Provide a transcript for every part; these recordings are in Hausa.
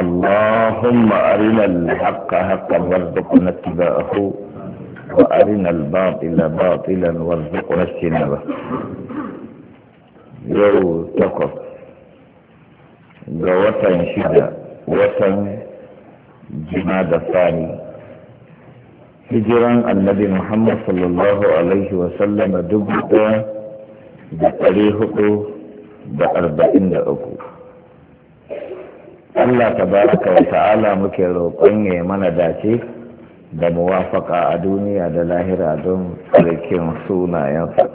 اللهم أرنا الحق حقا وارزقنا اتباعه وأرنا الباطل باطلا وارزقنا اجتنابه يو تقف وطن شدة وطن جماد ثاني هجرا النبي محمد صلى الله عليه وسلم دبت بطريقه بأربعين أكوه Allah tabaraka wa ta'ala muke roƙon ya mana dace da muwafaka a duniya da lahira don tsarkin sunayensa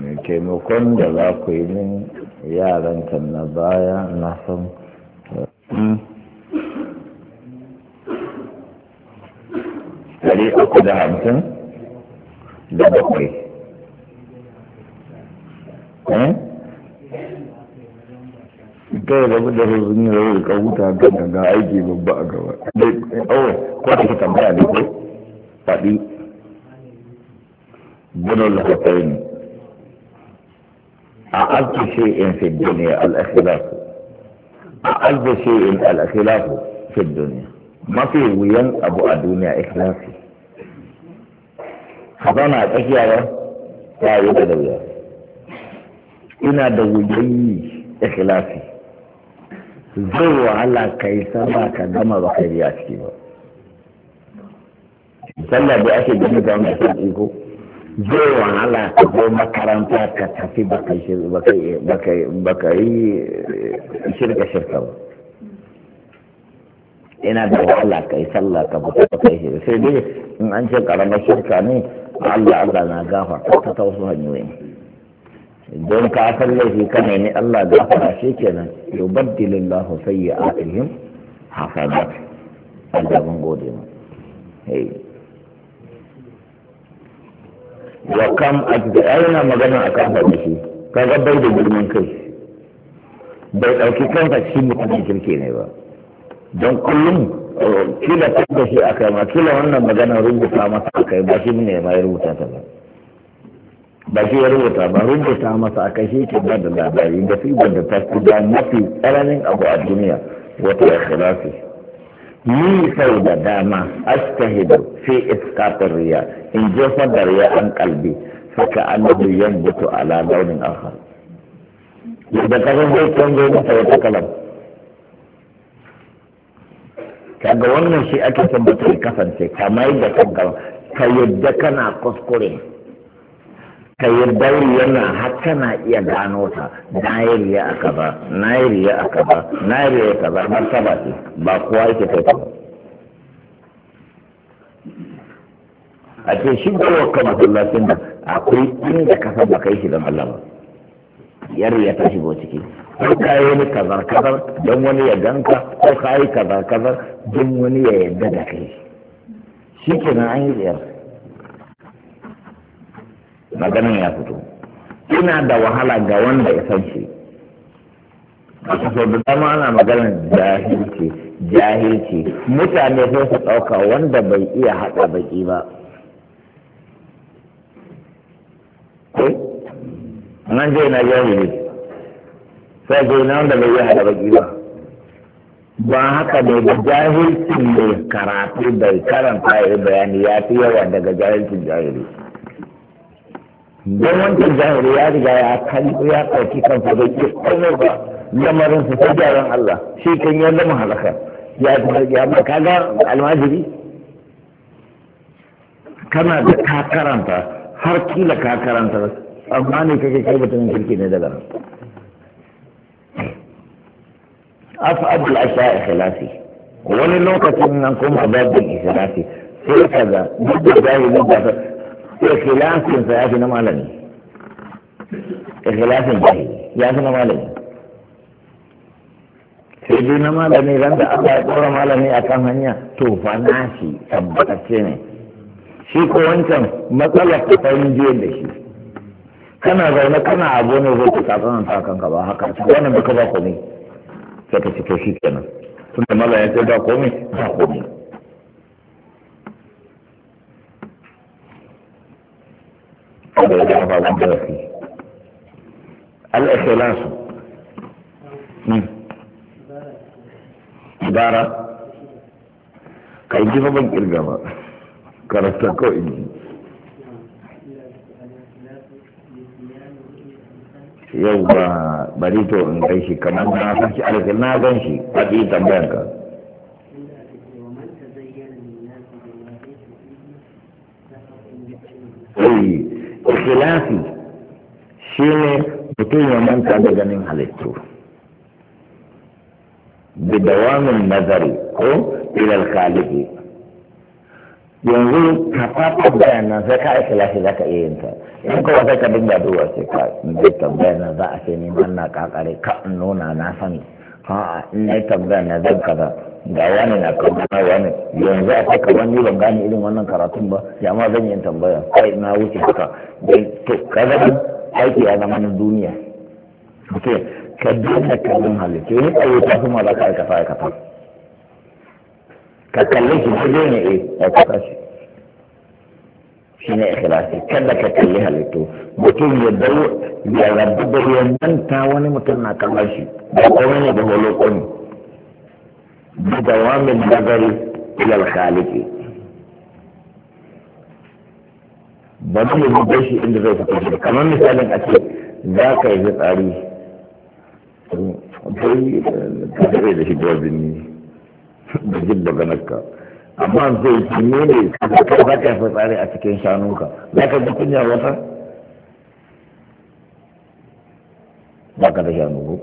mai taimakon da za ku yi min yaran ta na baya na san mm, ɗari uku da hamsin da bakwai eh? kai da da sun yi rawar ka huta kan ga aiki babba a gaba dai eh, oh ko ta tambaya ne ko fadi bunul hatayn أعز شيء في الدنيا الإخلاف أعز شيء الإخلاف في الدنيا ما في وين أبو الدنيا إخلافي خزانة أشياء لا يبدو إنا دوجي إخلافي zai wahala ka yi sama ka gama ba ka biya ciki ba sallah da ake gani ga wanda sa iko zai wahala ka zo makaranta ka tafi ba ka yi shirka shirka ba ina da wahala ka yi sallah ka fita ba ka yi shirka sai dai in an ce karamar shirka ne Allah Allah na gafa ta ta wasu hanyoyin don ka san laifi ka nemi Allah da fara shi kenan yubaddilillahu sayyi'atihim hasanat Allah mun gode mu wa kam ajda aina magana akan ka ga bai da girman kai bai dauki kanka shi mutumin kirki ne ba don kullum eh, kila da shi kai ma kila wannan magana rubuta masa kai ba shi ne mai rubuta ta ba ba shi ya rubuta ba rubuta masa a shi ke ba da labari da fi da ta fi da mafi tsananin abu a duniya wata ya khilafi ni sau da dama astahidu fi iskatar riya in je fadar ya an kalbi saka annabi yan butu ala launin akhar da kasan zai canzo masa wata kalam kaga wannan shi ake son kasance kamar yadda kanka ka yadda kana kuskure ka yi dauri yana haka na iya gano ta na yi riya a kaza na yi riya a kaza na yi riya a kaza har saba ce ba kowa yake kai ta a ce shi kowa ka masallacin da akwai inda ka san ba kai shi da mallaba ba yar riya ta shigo ciki ko ka yi wani kazar kazar don wani ya ganka ko ka yi kazar kazar don wani ya yadda da kai shi kenan an yi riyar maganin ya fito ina da wahala ga wanda ya san shi a kaso da dama ana maganin jahilci jahilci mutane sai su ɗauka wanda bai iya haɗa baki ba nan zai na jahili sai zai na wanda bai iya haɗa baki ba ba haka ne da jahilcin mai karatu bai karanta ya bayani ya fi yawa daga jahilcin jahilci. don wancan jahili ya riga ya kalli ya ɗauki kansa bai ke ba lamarin su sai gyaran Allah shi kan ya zama halaka ya ya ba kaga almajiri kana da ka karanta har kila ka karanta amma ne kake kai mutumin kirki ne daga nan as'abul asha'i khilafi wani lokacin nan kuma babin ikhlasi sai kaga duk da jahilin da ikhlasinsa ya fi na malami ikhlasin ya fi na malami sai dai na malami ran da aka tsora malami a kan hanya to fa na shi tabbatacce ne shi ko wancan matsalar ta saurin jiyar da shi kana zaune kana abu ne zai ta tsakanin ta kan ba haka wannan duka ba komai sai ka ci shi kenan tunda malami ya ce ba komai ba komai هذا يجعل ka الدراسي الإخلاص عبارة كيف بنك الجماعة كرتكو إني yau ba barito in kai shi kamar na san shi na gan shi a ɗi tambayar ka shi ne mutum ya manta da ganin halittu da dawamin nazari ko ilal kalibi yanzu ka fata bayan nan sai ka aika lafi za ka iya yin ta yan kuma sai ka dinga duwa sai ka zai tambaya na za a ce ni man na kakare ka nuna na sani ha in na tambaya na zan kaza ga wani na kama wani yanzu a kai kaman ni ban gane irin wannan karatun ba jama'a zan yi tambaya kai na wuce haka to kaza aiki a zaman duniya mutum ka daina kallon halittu ne a yi tafi ma za ka aikata aikata ka kalli eh, shi shi ne a ya kasa shi shi ne shi, kada ka kalli halittu mutum ya dawo ya rabu da ya ta wani mutum na kallon shi da kome ne da holokoni da dawamin nazari ilal khaliki ba zai yi bai shi inda zai fito shi kamar misalin a ce za ka yi tsari kai ka zai da shi gwabin da jin maganarka amma zai ci ne ne za ka yi tsari a cikin shanunka za ka ji kunya wata ba ka da shanu ko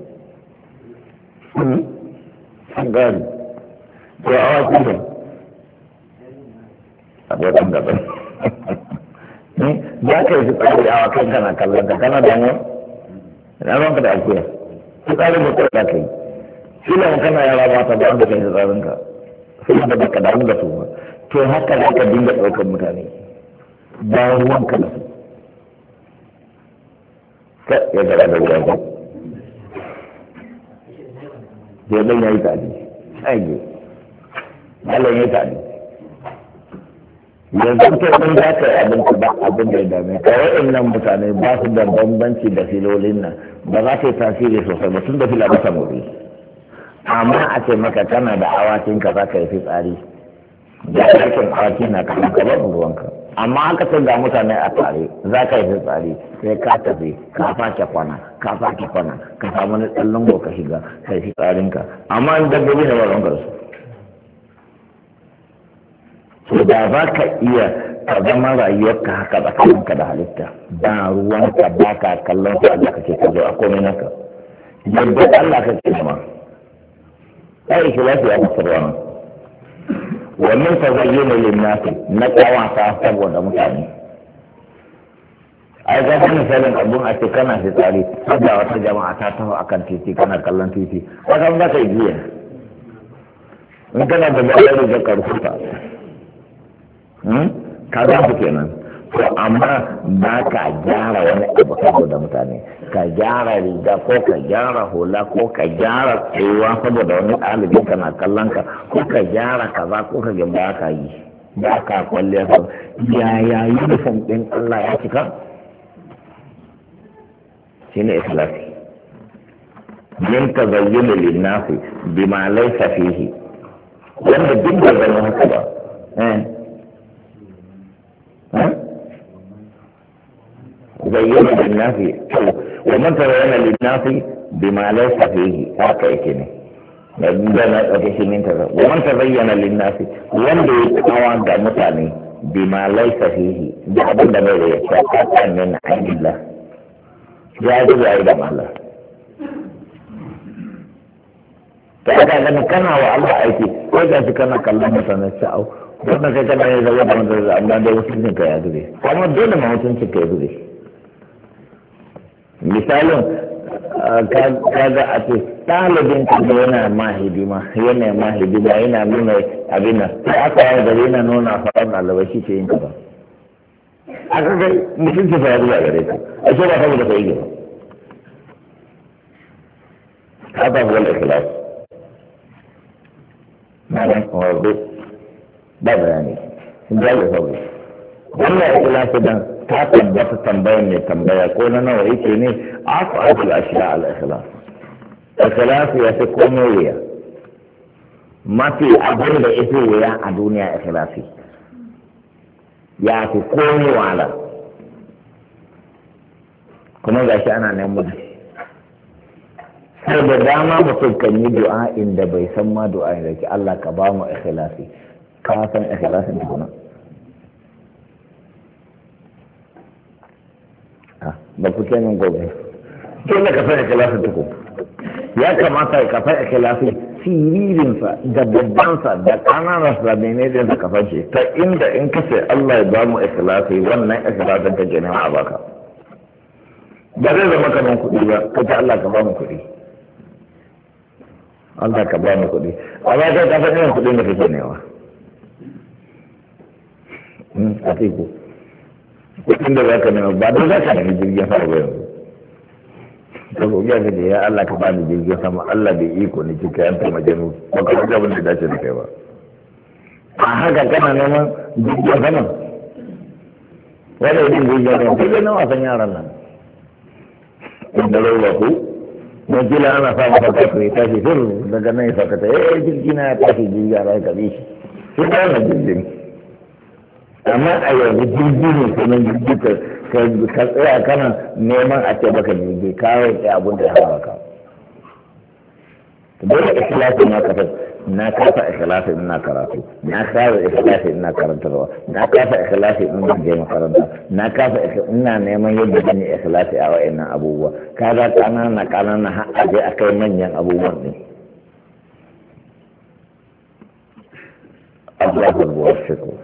hmm? an gani ko awa kuma a bai kan gaba za ka yi fitsari a wakan kana kallon ka kana damuwa na ranka da akuya fitsarin da kawai za ka yi filan kana yara ba ta ba da kai fitsarin ka sai da baka damu da su ba to haka za ka dinga ɗaukar mutane bayan ruwan ka da su ka ya gara da wuya ba da ya yi tadi ai ne Allah ya yi tadi yanzu ta in za ka yi abinci ba abin da ya dame ka waɗannan mutane ba su da bambanci da filolin nan ba za ka yi tasiri sosai ba tun da fila ba samuri amma a ce maka kana da awakin ka za ka yi fitsari da aikin awaki na kama ka babu ruwanka amma aka ce ga mutane a tare za ka yi fitsari sai ka tafi ka face kwana ka face kwana ka samu na ɗan lango ka shiga ka yi fitsarinka amma in dabbobi ne ba ka da su to da ba ka iya ka zama rayuwarka haka tsakaninka da halitta ba ruwanka ba ka kallon su Allah kake kallo a komai naka yadda Allah ce ma ai lafi ya fasar wannan wannan fa zai ne nasi na kawata saboda mutane ai ga kuma misalin abun a ce kana fitsari saboda wata jama'a ta taho akan titi kana kallon titi wata ba ka yi in kana da bayan da ka Hmm? ka za su kenan to amma ba ka gyara wani abu saboda mutane ka gyara riga ko ka gyara hula ko ka gyara tsayuwa saboda wani ɗalibin ka na kallon ka ko ka gyara kaza ko ka ba ka yi ba ka kwalle su yaya yi nufin ɗin Allah ya cika shi ne ikhlasi min tazayyunu lin-nasi ma laysa fihi wanda duk da zama haka ba eh. تبين للناس ومن تبين للناس بما ليس فيه هكا ومن تبين للناس ومن يتوان متاني بما ليس فيه من عند الله جاهد بعيد عن الله فإذا كان كان وعلى أيتي وإذا كان كلام مثلا الشعو wannan kai kana misalin kaga a ce ɗalibin kaga yana ma hidima yana ma hidima yana nuna abin nan sai aka yi gare yana nuna faɗan ɗalibai shi ce yin kaza a kaga mutum ce faru a gare ka a ce ba saboda kai gaba haka wal ikhlas na da kuma ba bayani sun da ya saboda wannan ikhlasu dan ta tabbata tambayar mai tambaya ko na nawa yake ne a ku ashiya al al'ikhlas ikhlas ya fi komo wuya mafi abin da ita wuya a duniya ikhlasi ya fi komai wahala kuma ga shi ana neman har da dama mutum kan yi du'a inda bai san ma du'a da ke Allah ka ba mu ikhlasi ka san ikhlasin tukuna ba ku kenan gobe dole ka fara lafi tuku ya kamata kafa fara kilasin siririnsa da babbansa da kananarsa da da ka fashe ta inda in ka sai Allah ya ba mu ikhlasi wannan ikhlasin ka kenan a baka ba zai zama kaman kuɗi ba ka ta Allah ka ba mu kuɗi Allah ka ba mu kuɗi hmm, a ba ka ka ne kuɗin ne kake newa a teku kuɗin da za ka nema ba don za ka nemi jirgin sama ba yanzu ta ko gya da ya Allah ka bani jirgin sama Allah bai iko ne kika yan ta majanu ba ka ga abin da dace da kai ba a haka kana neman jirgin sama wanda idan jirgin sama kai ne wasan yaran nan inda roba ku majila ana sa maka kafin ya tashi fir daga nan ya saka ya eh jirgin na ya tashi jirgin ya rai ka bi shi sai jirgin amma a yanzu jirgi ne kuma jirgi ka tsaya kana neman a ce baka jirgi ka roƙi abin da ya hawa ka dole ikhlasi na kafa na kafa ikhlasi ina karatu na kafa ikhlasi ina karantarwa na kafa ikhlasi ina je makaranta na kafa ina neman yadda zan yi ikhlasi a wayannan abubuwa kaga kanana kanana har a je akai manyan abubuwan ne Allahu Akbar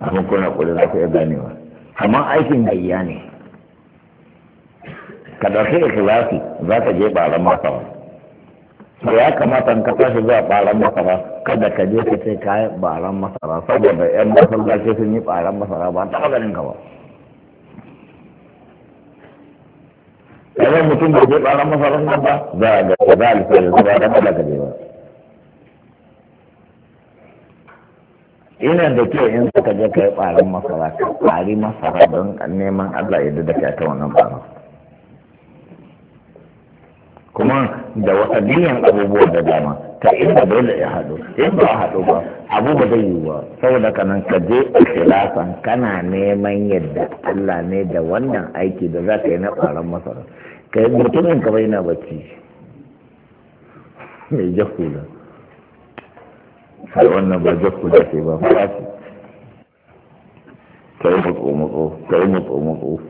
abin kuna kula za ku iya ganewa amma aikin gayya ne ka ɗauki ikhlasi za ka je baran masa ba to ya kamata ka tashi zuwa masa masara kada ka je ka ce ka masa masara saboda yan masallaci sun yi baran masara ba taɓa ganin ka ba idan mutum bai je baran masara nan ba za a ga za a lisa da su ba da ka je ba ina da kyau in suka je ka yi ɓarin masara ka ɓari masara don neman allah ya da ta wannan ɓarin kuma da wata biyan abubuwa da dama ta inda dole ya haɗu in ba haɗu ba abu ba zai yi ba saboda kanan ka je ikhlasan kana neman yadda allah ne da wannan aiki da za ka yi na ɓarin masara ka mutumin ka bai na bacci mai jahula da wannan ba jakku da ke ba fara ce kai mutsu mutsu kai mutsu mutsu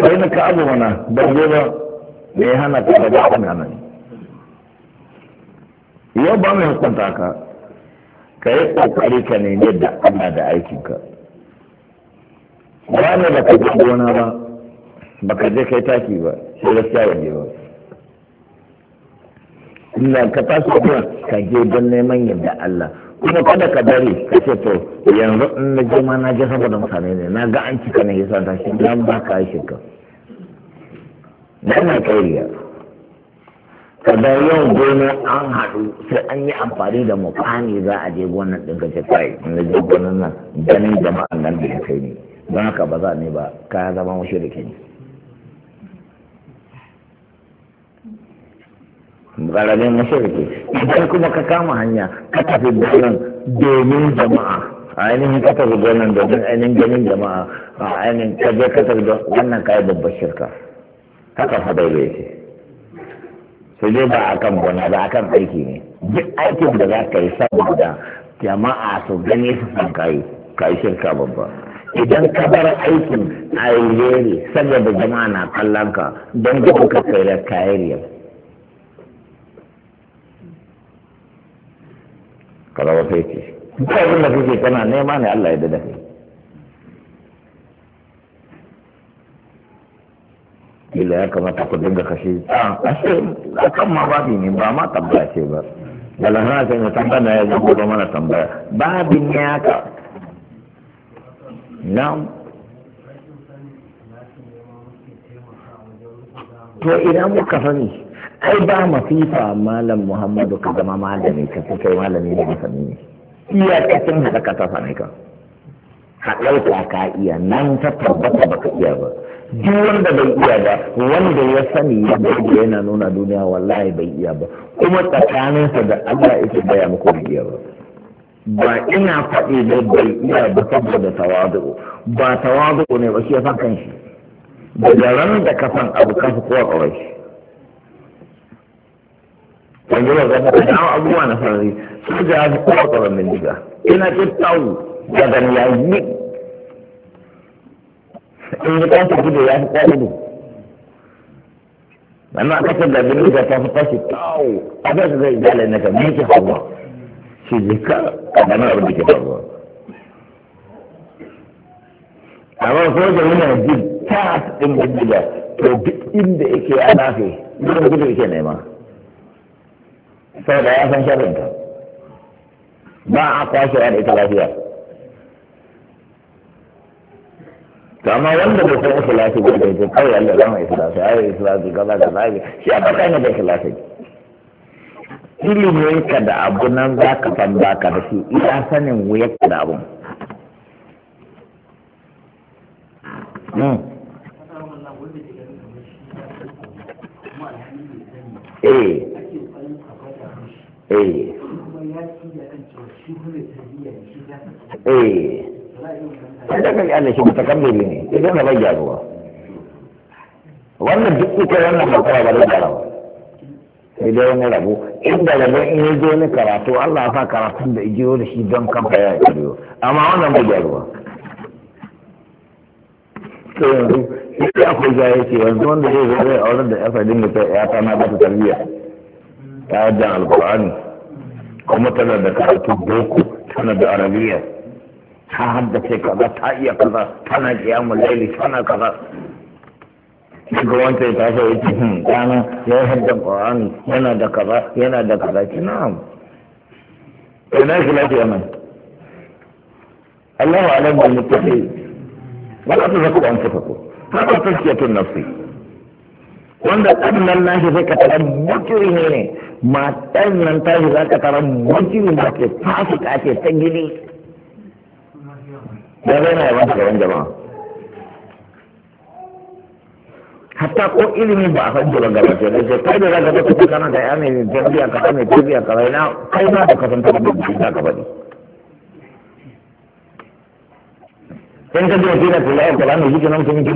kai na ka abu mana ba zo ba me hana ka da ba kan nan yau ba mai hukunta ka ka yi kokari ka ne ne da ana da aikin ka ba ka je gona ba ba ka je kai taki ba sai da waje ba illa ka tashi kuma ka je don neman yadda Allah kuma kada ka bari ka ce to yanzu in na je ma na je saboda mutane ne na ga an cika ne yasa ta shi nan ba ka yi shirka wannan kairiya kada yau gona an haɗu sai an yi amfani da mukami za a je gona ɗin ka ce kai in na je gona nan ganin jama'an nan da ya kai ne don haka ba za ne ba ka zama mushrikin ne ƙaramin mashirki idan kuma ka kama hanya ka tafi birnin domin jama'a a ainihin ka tafi birnin domin ainihin ganin jama'a a ainihin ka je ka tafi wannan yi babbar shirka haka fa daidai ce su je ba a kan gona ba a kan aiki ne duk aikin da za ka yi saboda jama'a su gani su san kayi yi shirka babba idan ka bar aikin a yi saboda jama'a na kallon ka don gudun ka kai da kayan ka zama feti abin da kake kana nema ne Allah ya dada kai ila ya kamata ku dinga kashe ah, a kan ma babi ne ba ma tambaya ce ba daga na ce mai tambaya ya zama ba mana tambaya babin ya ka na to idan muka sani kai ba masifa malam muhammadu ka zama malami ka fi kai malami da masani ne iyakacin ka ta ne ka haɗauta ka iya nan ta tabbata baka iya ba duk wanda bai iya ba wanda ya sani ya bai yana nuna duniya wallahi bai iya ba kuma tsakaninsa da allah yake baya muku bai iya ba ba ina faɗi da bai iya ba saboda tawadu ba tawadu ne ba shi ya san kanshi daga ran da ka abu ka fi kowa kawai yanzu ba zama da dawa abubuwa na sarari su ga ya fi kowa tsoron bindiga ina ce tawu da gani in yi kanta gudu ya fi kowa gudu wannan da bindiga ta fi tashi tawu abin da zai gale na kan yake hawa shi zai ka kadanar abin da ke faruwa amma ko da yana jin ɗin bindiga to duk inda yake ya nafe gudun gudu yake nema saboda ya san sharinta ba a kwashe wa da ita lafiya to amma wanda bai san ikhlasi ba bai kawai Allah zama ikhlasi ai ikhlasi gaba da lafiya shi a baka ne da ikhlasi ilimin ka da abu nan za ka san ba ka da shi ina sanin wuya ka da abu hmm. eh eh eh sai da kai ana shi mutakammili ne idan na bayya ruwa wannan duk ita wannan makara ba da jarawa sai dai wani rabu inda rabon in ya zo karatu Allah ya sa karatun da igiyo da shi don kanka ya yi amma yanzu sai akwai jaya yanzu wanda zai zo zai auren da ya sa dinga na ba ta wajen alkur'ani kuma tana da karatu boko tana da arabiya ta haddace kaza ta iya kaza tana kiyamun laili tana kaza daga wanda ya taso ya ce ɗana ya yi haddan ƙwarani yana da kaza yana da kaza ki na'am ina shi lafiya nan Allah wa alam bil muttaqi wa la tuzakku anfusakum hada tazkiyatun nafsi wanda annan nashi sai ka tabbata ne matan nan tashi za ka tara mutum da ke ka ce ta gini ya zai na yawan gaban jama'a hatta ko ilimi ba a san jiran ba ce da ce kai da za ka tafi kana da ya mai tarbiya ka ta mai tarbiya ka bai na kai ma da kasan ta da biyu ka bari sai ka jiran tina tula ya kula mai jikin nan sun yi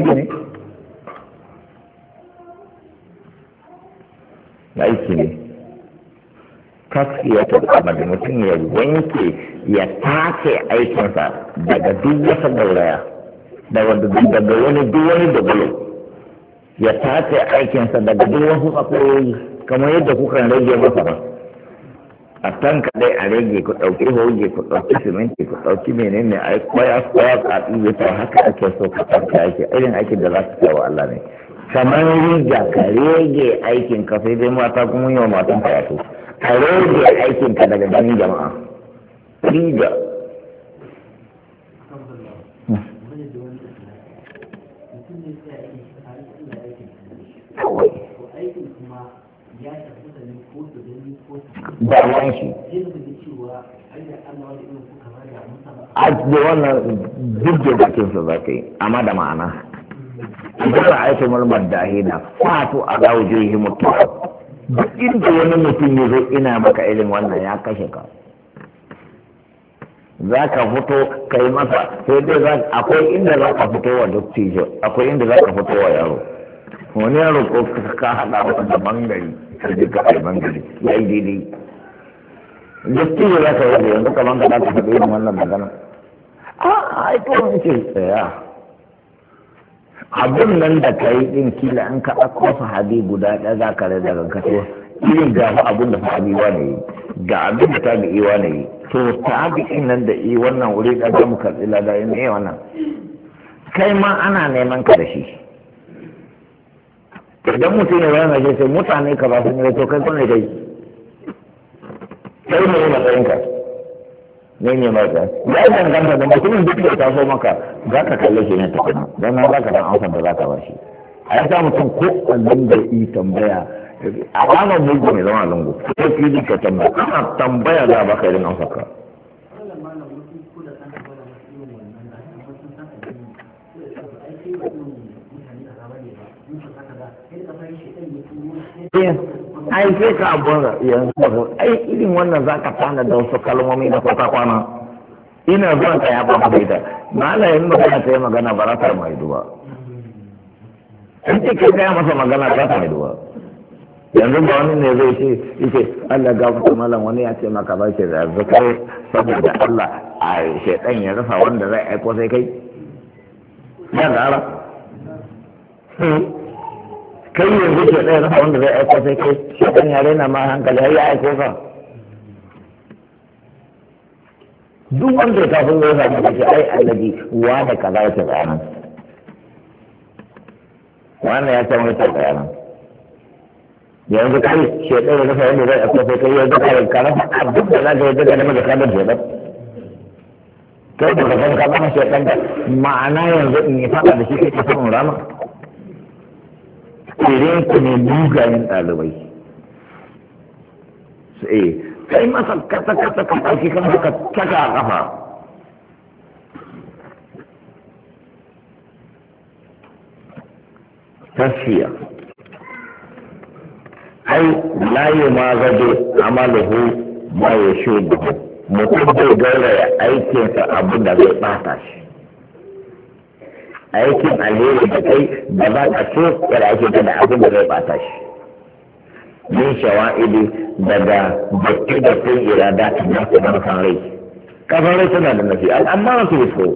ne aiki ne tasfiyatul amal mutum ya wanke ya take aikinsa daga duk wata gauraya daga wani duk wani dogolo ya take aikinsa daga duk wasu akwai kamar yadda kuka rage masa ba a tan kadai a rage ku ɗauki hoge ku dauki siminti ku dauki menene a kwaya kwaya a ɗibe ta haka ake so ka tanka ake irin aikin da za su kawo Allah ne kamar riga ka rage aikin ka sai dai mata kuma yi wa matan ka ka rage aikinka daga ganin jama'a riga ba ruwan shi a da wannan duk da bakinsa za ka yi amma da ma'ana idan ra'aytu mulmad dahina fatu ala wujuhihim turab duk inda wani mutum ya zo ina maka irin wannan ya kashe ka za ka fito ka yi masa sai dai akwai inda za ka fito wa dattijo akwai inda za ka fito wa yaro wani yaro ko ka haɗa masa da bangare ka ji ka ai bangare ya yi daidai tijo za ka yi yanzu kamar ka za ka fito irin wannan magana a ai to in ce tsaya Abin nan da ka yi ɗin kila an ka ɗauko sahabi guda ɗaya za ka rai daga kaso irin ga abin da sahabi wane yi ga abin da tabi'i wane yi to tabi'in nan da yi wannan wuri ɗan za mu karɓi ladayin ne eh, wannan kai ma ana neman ka da shi idan mutum ya bayan ajiye sai mutane ka ba su ne to kai kone kai kai ne matsayinka ne ne ma ga ya danganta da mutumin duk da taso maka za ka kalle shi ne tukuna don nan za ka san amsar da za ka bashi a yi mutum ko abin da yi tambaya a ranar mulki mai zama lungu sai fili ka tambaya ana tambaya za ba ka irin amsar ka Yeah. ai sai ka abuwa yanzu ai irin wannan za ka tana da wasu kalmomi da kwata kwana ina zuwa ka ya ba mu ita mala yin magana ta yi magana ba za ta mai duwa ita ke ka gaya masa magana ba ta mai duwa yanzu ba wani ne zai ce yake Allah ga fita malam wani ya ce maka ba ke zai zukai saboda Allah a shaidan ya rasa wanda zai aiko sai kai ya gara hmm. kai yanzu ke ɗaya rasa wanda zai aiko sai kai shi ɗan yare na ma hankali har ya aiko ka duk wanda ya kafin zai samu kashi ai wa da kaza ya ce bayanan wane ya ce wani ce bayanan yanzu kai shi ɗaya rasa wanda zai aiko sai kai yanzu kai ka rasa abin da za ka yi daga da kadan shaidan kai da ka san ka zama shaidan da ma'ana yanzu in yi faɗa da shi kai ka samun rama irin ku ne mugayen ɗalibai sai kai masa kasa kasa ka ɗauki kan haka taka a ƙafa tasfiya ai la yi ma gado amaluhu ma ya shubu mutum zai gauraya aikinsa abin da zai ɓata shi aikin alheri da kai da ba ka ce kada ake gada abin da zai bata shi min shawa'ili daga bakin da sun irada ta na kuma san rai kafin rai tana da nafi amma na su so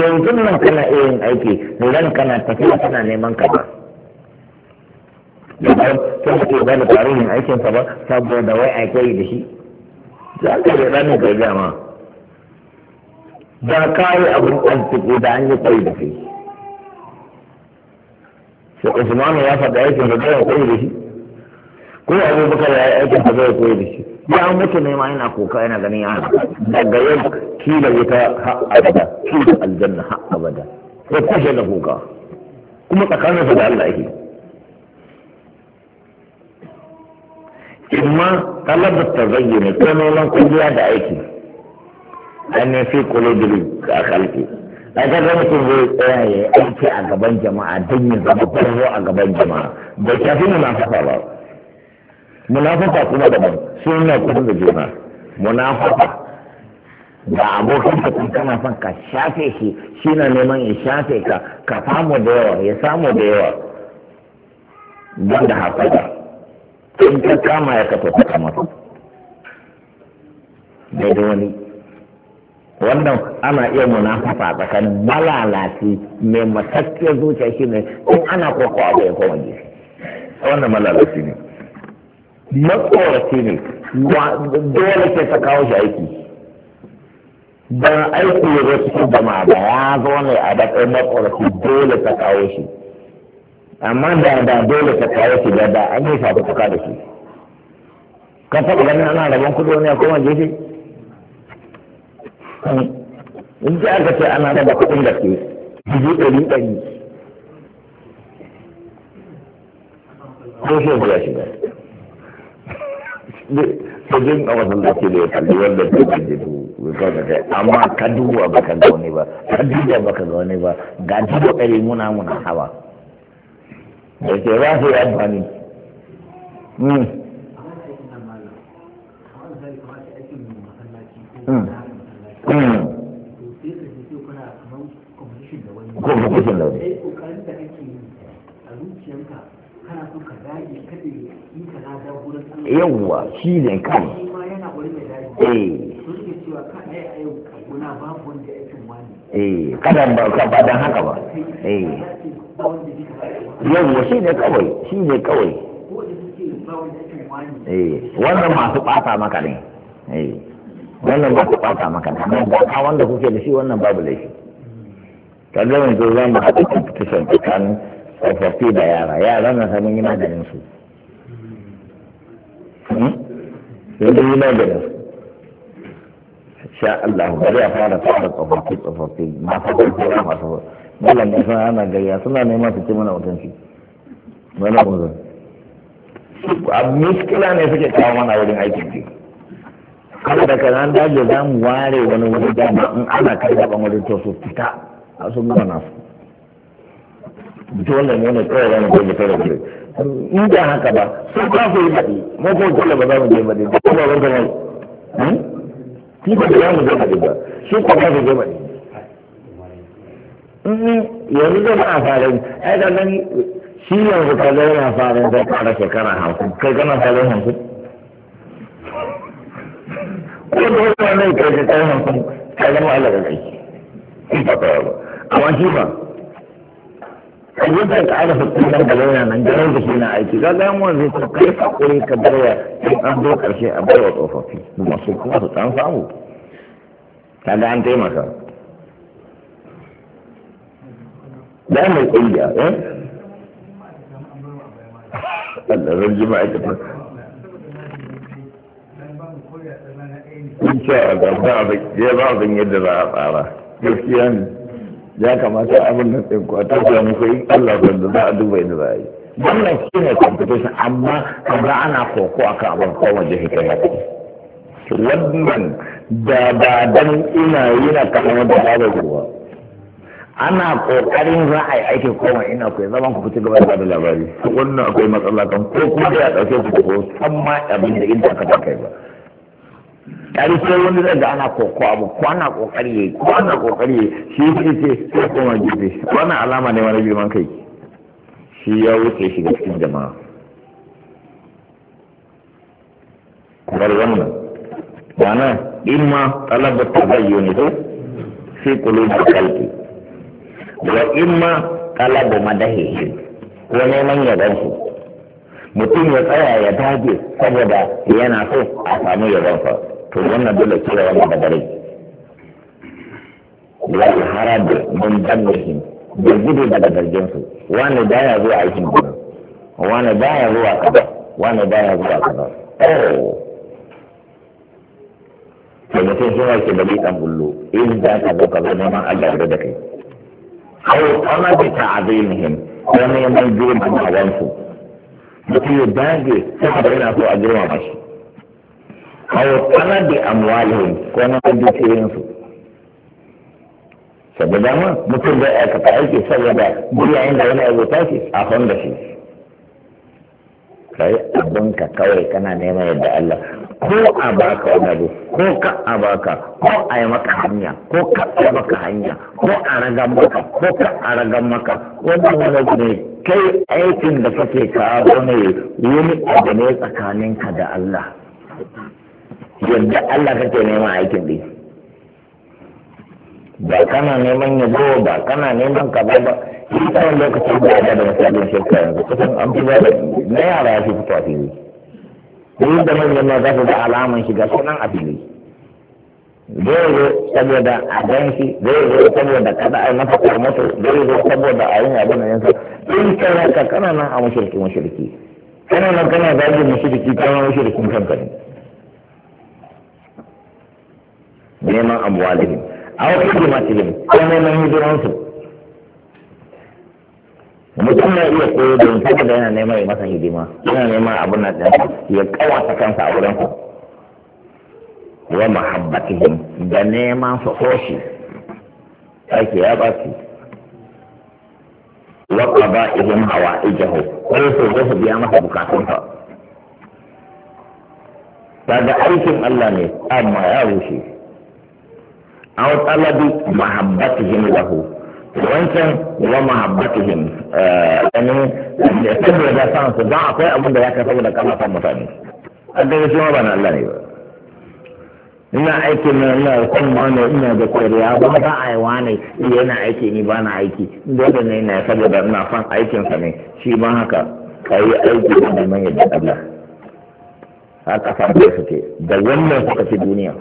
yanzu nan kana irin aiki ran kana tafiya kana neman kaza daban kuma ke gani tarihin aikinsa ba saboda wai aikai da shi za ka yi ranar gaggawa da kayi abin arziki da an yi kwai da kai shi usmanu ya faɗa aikin da zai kwai da shi ko abubakar ya yi aikin da zai kwai da shi ya mutu ne ma yana kuka yana ganin ya haka daga yau kila wuta ha abada kila aljanna ha abada ko kashe da kuka kuma tsakaninsa da Allah yake imma talabar ta zayyana ko neman kungiya da aiki dan ne fi kulubili a kalfi a ga mutum zai tsaya ya aiki a gaban jama'a don ya zama farko a gaban jama'a da shafi munafaka ba munafaka kuma daban na kusa da juna munafaka da abokin ka kun kana son ka shafe shi shi na neman ya shafe ka ka samu da yawa ya samu da yawa don da haƙaƙa in ka kama ya ka tafi kamar daidai wani wannan ana iya munafafa tsakanin malalaci mai matakkiyar zuciya shi ne in ana wannan malalaci ne ne dole ke ta kawo shi aiki ba aiki ya cikin ba ya zo ne a dole ta kawo shi amma da da dole ta kawo shi da da an yi tuka da shi ganin ana rabon in ji aka ce ana raba kuɗin da ke dubu ɗari ɗari ko shi ya shiga da jin a wasan da ke ya kalli wanda ke da jidu ko da kai amma ka duba baka ga wani ba ka duba baka ga wani ba ga dubu ɗari muna muna hawa da ke za su yi amfani hmm. yawwa shi ne kan kadan eh. eh, kada ba ka dan haka ba eh. yawwa shi ne kawai shi ne kawai wannan masu ɓata maka ne wannan ba ku ɓata maka ne amma ba ka wanda kuke da shi wannan babu laifi kaga zo za mu haɗa competition tsakanin tsofaffi da yara yara na samun yi maganin su yanzu hmm? yi maganin su sha Allah bari a fara fara tsofaffi tsofaffi masu tsofaffi masu malam ne suna ana gariya suna neman su ce mana mutunci mana kuma a miskila ne suke kawo mana wurin aikin ce kada da kana daji za mu ware wani wani dama in ana kai zaɓen wani to su fita a sun gama nasu dole ne ne kawai zamu je fitar da in da haka ba sun ka fi baɗi mu ko dole ba za mu je baɗi ba ko ba ban da hmm? ba da mu je baɗi ba shi ko ba je baɗi hmm, yanzu zai ba a fara ai da nan shi yanzu ka zai na fara da fara shekara hamsin kai kana fara hamsin ko da wani kai shekara hamsin kai zama Allah ka kai ba ba amma shi ba yadda ka ara fitin nan gaba yana nan garar da shi na aiki ga ga mu zai ka kai hakuri ka bar wa in an zo karshe a bar wa tsofaffi masu kuma su san samu kaga an taimaka da mai kungiya eh Allah ran jima'a ta kun ce a gaba abin yadda za a tsara gaskiya ne ya kamata abin da ɗin ko ta samu kai Allah ban da za a duba inda za a yi wannan shi ne competition amma kaga ana koko kan abin ko waje hita ya wannan da ba dan ina na kamar da ba da ruwa ana kokarin za a yi aikin kowa ina kai zaman ku fice gaba da labari wannan akwai matsala kan ko kuma da ya dauke ku ko san ma abin da inda ka kai ba kari sai wani zai ga ana koko abu ko ana kokari yayi ko ana kokari yayi shi yake ce sai koma gefe wannan alama ne wani girman kai shi ya wuce shiga cikin jama'a bar wannan ma'ana imma talabar tabayyuni ko fi qulubi qalbi wa imma da madahihi ko neman ya su mutum ya tsaya ya dage saboda yana so a samu yaban sa to wannan dole cewa wannan da dare harabe harab min damihim da gudu daga dargensu wani baya zuwa aikin gona wani baya zuwa kaza wani baya zuwa kaza oh! to mutum shi ke bari dan bullo in za ka zo ka zo neman Allah da da kai hau kama da ta'azimihim ko neman girmamawansu mutum ya dage saboda yana so a girmama shi aw talab amwalihim ko na dukiyoyinsu saboda ma mutum aka aikata aiki saboda biyayen inda wani abu ta ce a hon da shi kai abin ka kawai kana neman yadda Allah ko a baka wani abu ko ka a baka ko a yi maka hanya ko ka a maka hanya ko a ragan maka ko ka a ragan maka wani wani abu ne kai aikin da kake kawo ne wani abu ne tsakaninka da Allah yadda Allah kake neman aikin dai ba kana neman yabo ba kana neman ka ba shi tsawon lokacin da ya da misalin shekara yanzu kusan an fi da na yara ya fi fito a fili duk da manyan ma za su da alaman shiga sunan a fili zai zo saboda a gan shi zai zo saboda kada a masa karmato zai zo saboda a yin abin da yansa in kai ka kana nan a mashirki mashirki kana nan kana zagin mashirki kana mashirkin kanka ne neman amwalihim aw hidimatihim ko neman hijiransu. mutum na iya koyo don da yana neman masa hidima yana neman abin nan ya kawata kansa a wurin wa mahabbatihim da neman su koshi ake ya ba su wa qada'ihim hawa'ijahu ko su su biya masa bukatunsa daga aikin Allah ne amma ya rushe aw talabi mahabbatihim lahu wancan wa mahabbatihim eh, yani saboda da san su dan akwai abin da zaka saboda kama san mutane an da shi ba na Allah ne ba ina aiki na ina kun ne ina da koriya ba ba a yi wani yana aiki ni ba na aiki dole ne na saboda ina aikin aikinsa ne shi ba haka ka yi aiki da neman da Allah haka fa suke da wannan suka ci duniya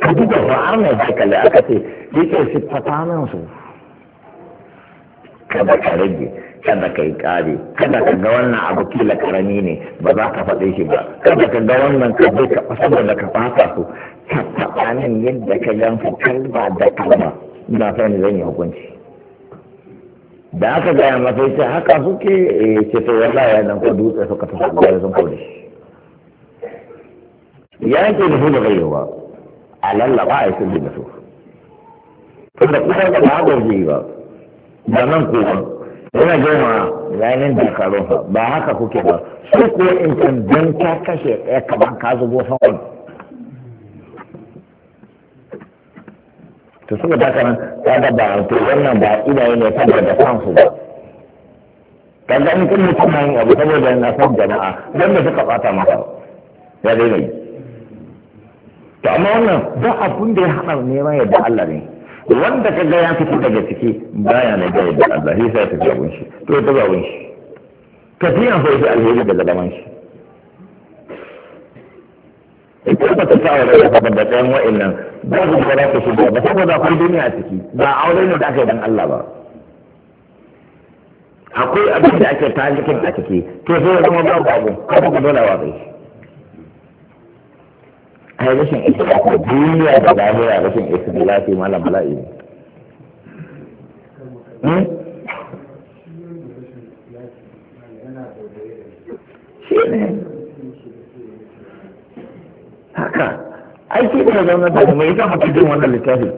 ka ji da ba'ar mai haikali aka ce yake siffata nan su kada ka rage kada ka yi ƙari kada ka ga wannan abu kila karami ne ba za ka faɗe shi ba kada ka ga wannan ka je ka fasa da ka fasa su ka faɗa nan yadda ka gan su kalma da kalma ina son zan yi hukunci da aka gaya masa ya ce haka suke eh, ce to yalla ya nan ko dutse suka fasa da sun kaure shi ya ke da su da bayyawa a lallaba a yi sulhu da su tunda kusan da ba zai yi ba da nan kuma yana girma ranar dakarun fa ba haka kuke ba su kuwa in can don ta kashe ɗaya kamar ka zubo fa'on to suka ta kan ta da ba to wannan ba idaye ne saboda kansu ba da in kun mutum na yin abu saboda na son jama'a don da suka ɓata masa ya daina yi to amma wannan ba abun da ya hana neman yadda Allah ne wanda ka ga ya fito daga ciki baya ne ga yadda Allah shi sai tafi abun shi to ta abun shi tafiyan sai da alheri daga zaman shi idan ba ta kawo da ka da ɗayan wa'annan ba ku ga ku shiga ba saboda akwai duniya a ciki ba aure ne da aka yi dan Allah ba akwai abin da ake talikin a ciki to sai ya zama babu abu kuma ka dole wa kai ai rashin ikhtilafi duniya da lahira rashin ikhtilafi malam bala'i ne hmm? shi ne haka ai shi da zaune da mai ita mutu jin wannan littafi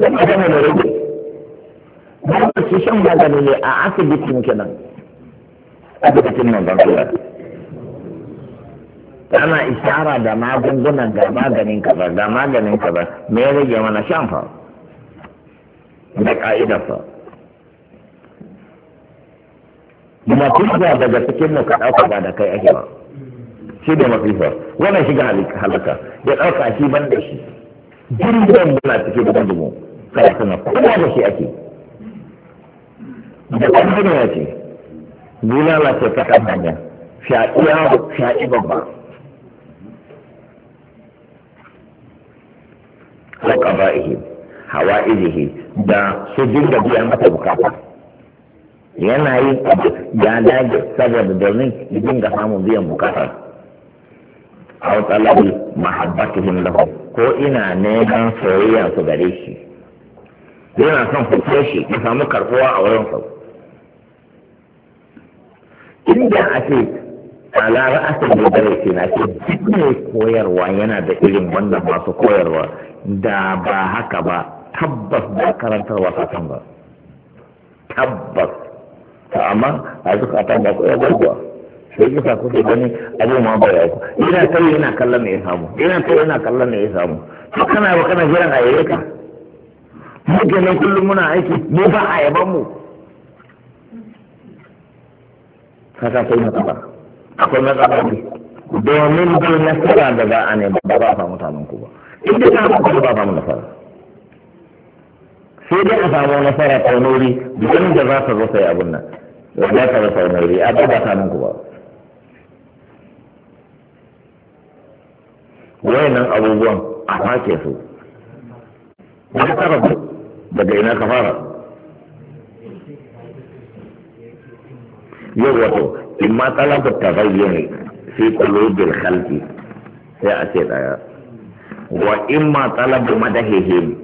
dan magana da rage ba su shan magani ne a asibitin kenan asibitin nan ban kula ana ishara da magungunan ga maganin kaza ga maganin kaza me ya rage mana shan fa da ka'idar fa masu shiga daga cikin mu ka ɗauka ba da kai ake ba shi da mafifa wannan shiga halaka ya ɗauka shi ban da shi mun muna cikin da dubu kada kuma kowa da shi ake da ƙarfi ne ya ce bulala ce ta kan hanya fyaɗi yawon fyaɗi babba wa hawa da su dinga biya mata bukata yana yi abu ya dage saboda domin su dinga samun biyan bukata aw talabi mahabbatihim lahu ko ina neman soyayya su gare shi yana son fito shi ya samu karbuwa a wurin sau inda a ce ala ra'asin da dare ke na ce duk mai koyarwa yana da irin wannan masu koyarwa da ba haka ba tabbas da karantarwa ka kan ba tabbas ta amma a zuka ta ba ya gwagwa sai yi sa kusa gani abu ma ba ya ku ina kai yana kallon ya samu ina kai yana kallon me ya samu to kana ba kana jiran a yi ka mu kenan kullum muna aiki mu ba a yaban mu kaka sai na matsala akwai matsaloli domin bai nasara da za a ne ba ba a samu tanin ku ba inda ta haɗu ba a samu nasara sai dai a samu nasara ta nori da za ta zo sai abun nan za ta rasa nuri a ba ba tanin ku ba wayannan abubuwan a sake su wani karabu daga ina ka fara yau wato إما طلب التغير في قلوب الخلق في أسئلة وإما طلب مدههم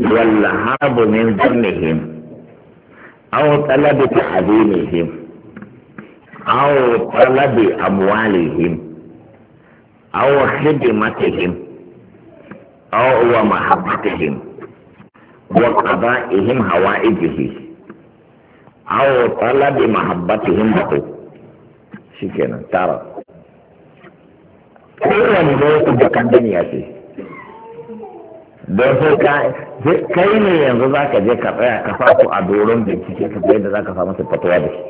واللهاب من ظنهم أو طلب تعظيمهم أو طلب أموالهم أو خدمتهم أو ومحبتهم وقضائهم هوائجه aw talabi mahabbatihim lahu shikenan tara kowane ne da kan duniya ce don sai kai ne yanzu za ka je ka tsaya ka fasu a doron bincike ka yadda za ka samu siffatuwa da shi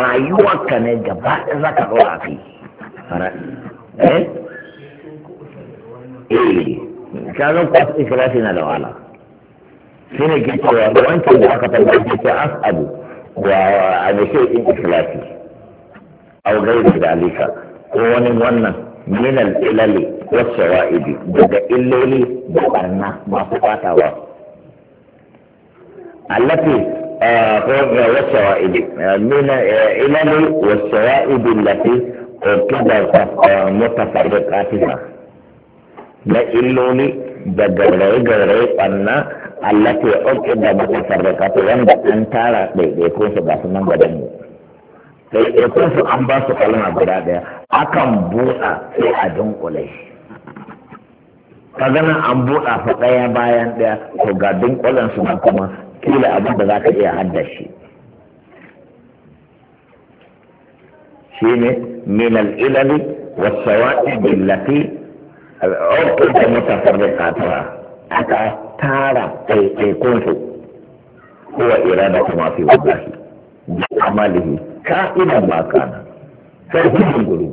rayuwarka ne gaba ɗaya za ka ɗora a kai eh kaga kwas ikhlasi na da wala shi ne ke cewa da wancan da aka tambaye ke as'abu wa abishe in ikhlasi a wajen da alika ko wani wannan minal ilali wasu wa'idi daga illoli da barna masu fatawa allati والشوائب من علل والشوائب التي ارتبط متفرقاتها na illoli da gauraye-gauraye ɓanna Allah ya ɗauke da matafarraka to wanda an tara ɗaiɗaikun su ga su nan gaban mu ɗaiɗaikun su an ba su kalma guda ɗaya akan buɗa sai a dunkule ka gana an buɗa fa ɗaya bayan ɗaya to ga dunkulen su na kuma kila abin da za ka iya haddashi shi ne Minal Ilali, wasu sawa'i billafi, ofin da mutafarrika tara aka tara ɗaiɗaikunsu kowa irada kuma fi wallahi da amalihi ka'idan ma kana sai hukun guru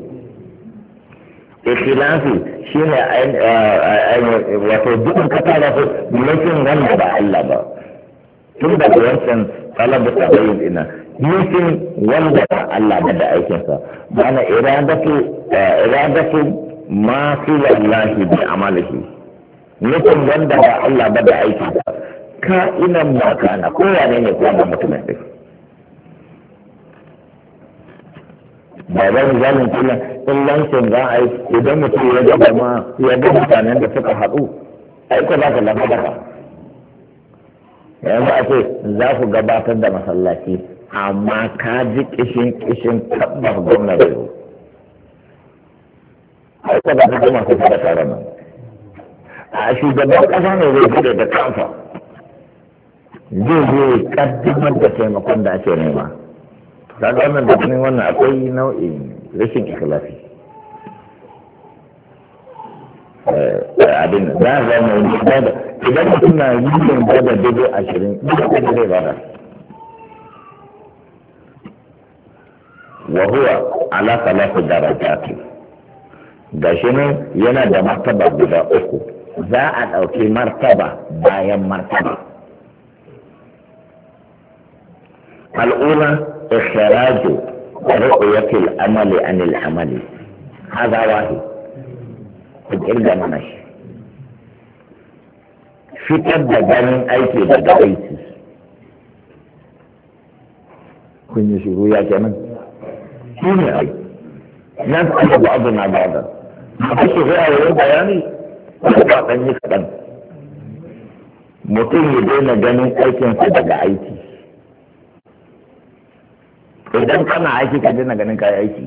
ikhilafi shi ne wato dukkan ka tara su nufin wanda ba Allah ba tun da wancan talabu tabayin ina nufin wanda ba Allah ba da aikinsa ba na iradatu iradatu ma fi lallahi bi amalihi nufin wanda ba Allah ba da aiki ka ina ma kana ko wane ne ko wannan mutumin din ba zan zalin kula in lancin za a yi idan mutum ya gaba ma ya ga mutanen da suka haɗu ai ko za ka lafa daka yanzu a ce za ku gabatar da masallaci amma ka ji kishin kishin tabbas gwamnati har ka ba nan a shugaban kasa ne zai bude da kansa zai zo ya kaddamar da taimakon da ake nema ta da wannan akwai nau'in rashin eh, eh, abin za zama bada idan mutum na bada dubu ashirin duka zai bada wa huwa ala ga shi nan yana da martaba guda uku za a ɗauki martaba bayan martaba al'ula ikhraju ru'yati al-amali anil amali hada wahi ku kirga mana shi fitar da ganin aiki daga aiki kun yi shiru ya kenan shi ne aiki nan da abu na bada a su sai a bayani ko ba ɗan yi kaɗan mutum ya daina ganin aikinsa daga aiki idan kana aiki ka daina ganin kayan aiki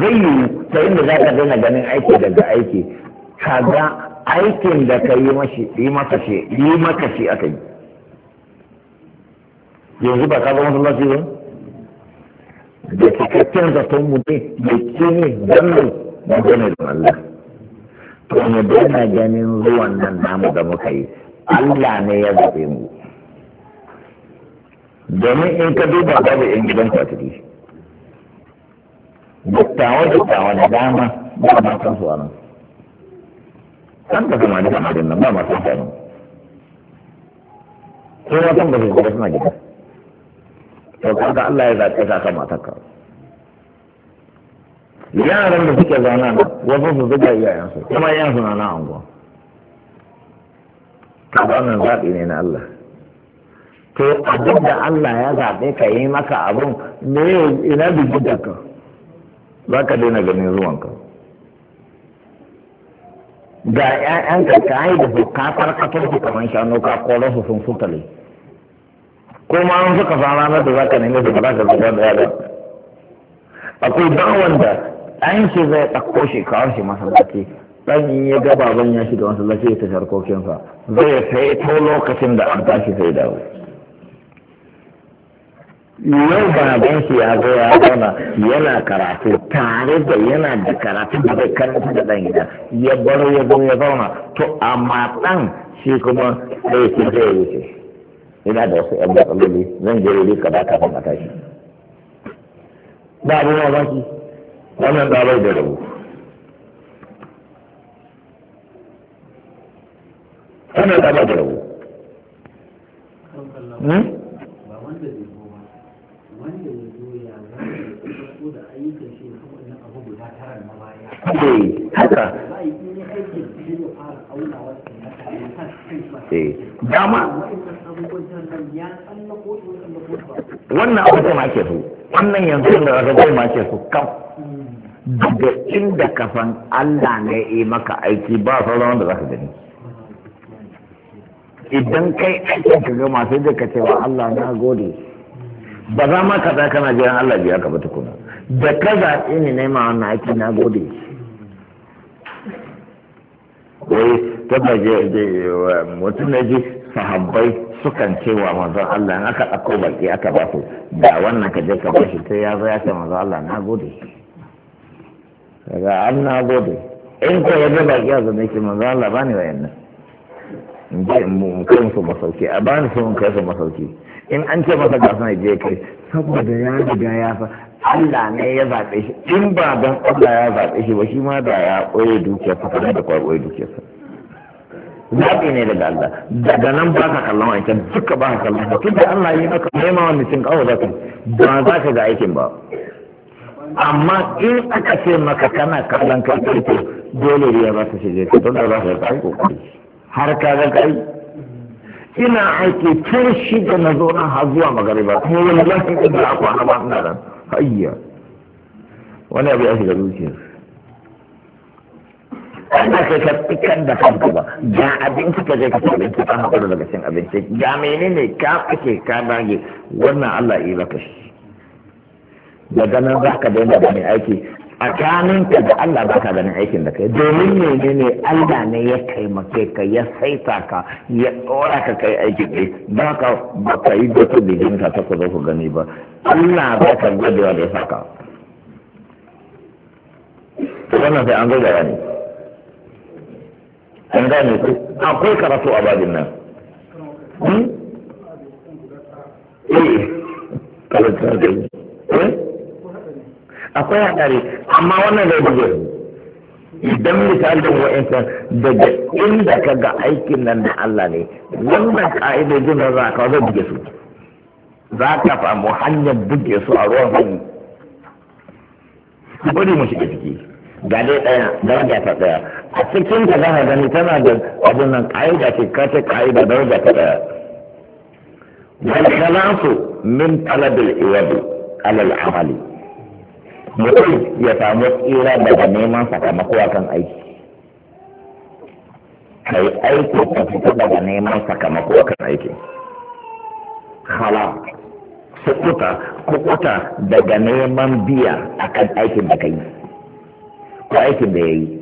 zai yi ta inda za ka daina ganin aiki daga aiki kaga aikin da ka yi mashi maka shi aka yi yanzu ba ka ga masallaci ba da cikakken zaton mu ne da ke ne wannan magana da Allah to mu daina ganin zuwan nan namu da muka yi Allah ne ya zaɓe mu domin in ka duba babu yan gidan kwatiri dattawa dattawa da dama ba ma san su a nan an ka samari samarin nan ba ma san su a nan sai ma san ba su suna gida to kaga Allah ya zaɓe ka kan matarka yaran da suke zauna nan wasu su zuga iyayensu kuma iyayensu na na anguwa kaga wannan zaɓi ne na Allah to abin da Allah ya zaɓe ka yi maka abin me ina ka? za ka daina ganin zuwanka ga 'ya'yanka ka haihu ka farkatar su kamar shanu ka koro su sun futale ko ma an suka san ranar da zaka ka nemi ba za ka zuba da yada akwai bawan wanda an shi zai ɗauko shi kawo shi masallaci dan in ya ga baban ya da masallaci ya tafi harkokinsa zai sai ta lokacin da an tashi sai dawo yau baban shi ya zo ya zauna yana karatu tare da yana da karatu da bai karanta da dan gida ya baro ya zo ya zauna to amma dan shi kuma sai shi zai wuce ina da wasu 'yan matsaloli zan je wuri kaza kafin a tashi ba abin mamaki wannan ɗabai da rabu wannan ɗabai da rabu hmm? eh, haka eh, dama wannan abu ma make su wannan yanzu da zaka ce make su kam daga inda ka san Allah ne yi maka aiki ba sauran wanda zaka gani idan kai aikin ka gama sai da ka cewa Allah na gode ba za ma ka za kana jiran Allah biya ka ba tukuna da ka zaɓi ne na ma wannan aiki na gode wai tabbaje mutum na ji sahabbai sukan cewa manzon Allah in aka ɗauko baki aka ba su da wannan ka je ka ba shi sai ya zo ya ce manzon Allah na gode daga an na gode in ko ya ga baki ya zama shi manzon Allah ba ni wayannan in je in kai su masauki a ba ni su in kai su masauki in an ce masa gasa je kai saboda ya riga ya fa Allah ne ya zaɓe shi in ba don Allah ya zaɓe shi ba shi ma da ya ɓoye dukiyarsa kamar da kwa ɓoye dukiyarsa zaɓi ne daga Allah daga nan ba ka kallon aikin duka ba ka kallon ba tun da Allah yi maka nema wani cin kawo za ka ba za ka ga aikin ba amma in aka ce maka kana kallon kai karfe dole riya ba ka shige ka don da ba ka kai kokari har ka ga kai ina aiki tun shi da na zo na har zuwa magariba kuma wani lafiya da akwai na ba suna nan hayya wani abu ya shiga zuciyarsa ana sai ka kan da kanka ba ga abinci ka je ka ci abinci ka haƙura daga cin abinci ga menene ka ake ka dage wannan Allah yi maka shi daga nan za ka daina mai aiki tsakaninka da Allah ba ka ganin aikin da kai domin menene Allah ne ya taimake ka ya saita ka ya tsora ka kai aikin ɗai ba ka ba ka yi da bijin ka ta ku zo ku gani ba Allah ba ka wa da ya saka wannan sai an zo da bayani an gane ku akwai karatu a babin nan hmm? eh. eh? akwai haɗari amma wannan zai buge idan misalin wa'insa daga inda ka ga aikin nan da Allah ne wannan ka'idojin da za ka zai buge su za ka samu hanyar buge su a ruwan hanyi bari mu shiga ciki ga dai ɗaya daraja ta ɗaya a cikin da zaka gani tana da abin nan ka'ida ce ka ce ka'ida da wajen ta daya wal khalafu min talabil iwadi alal amali mutum ya samu tsira daga neman sakamako akan aiki kai aiki ta fita daga neman sakamako akan aiki halal sukuta kukuta daga neman biya akan aikin da ka yi, ko aikin da ya yi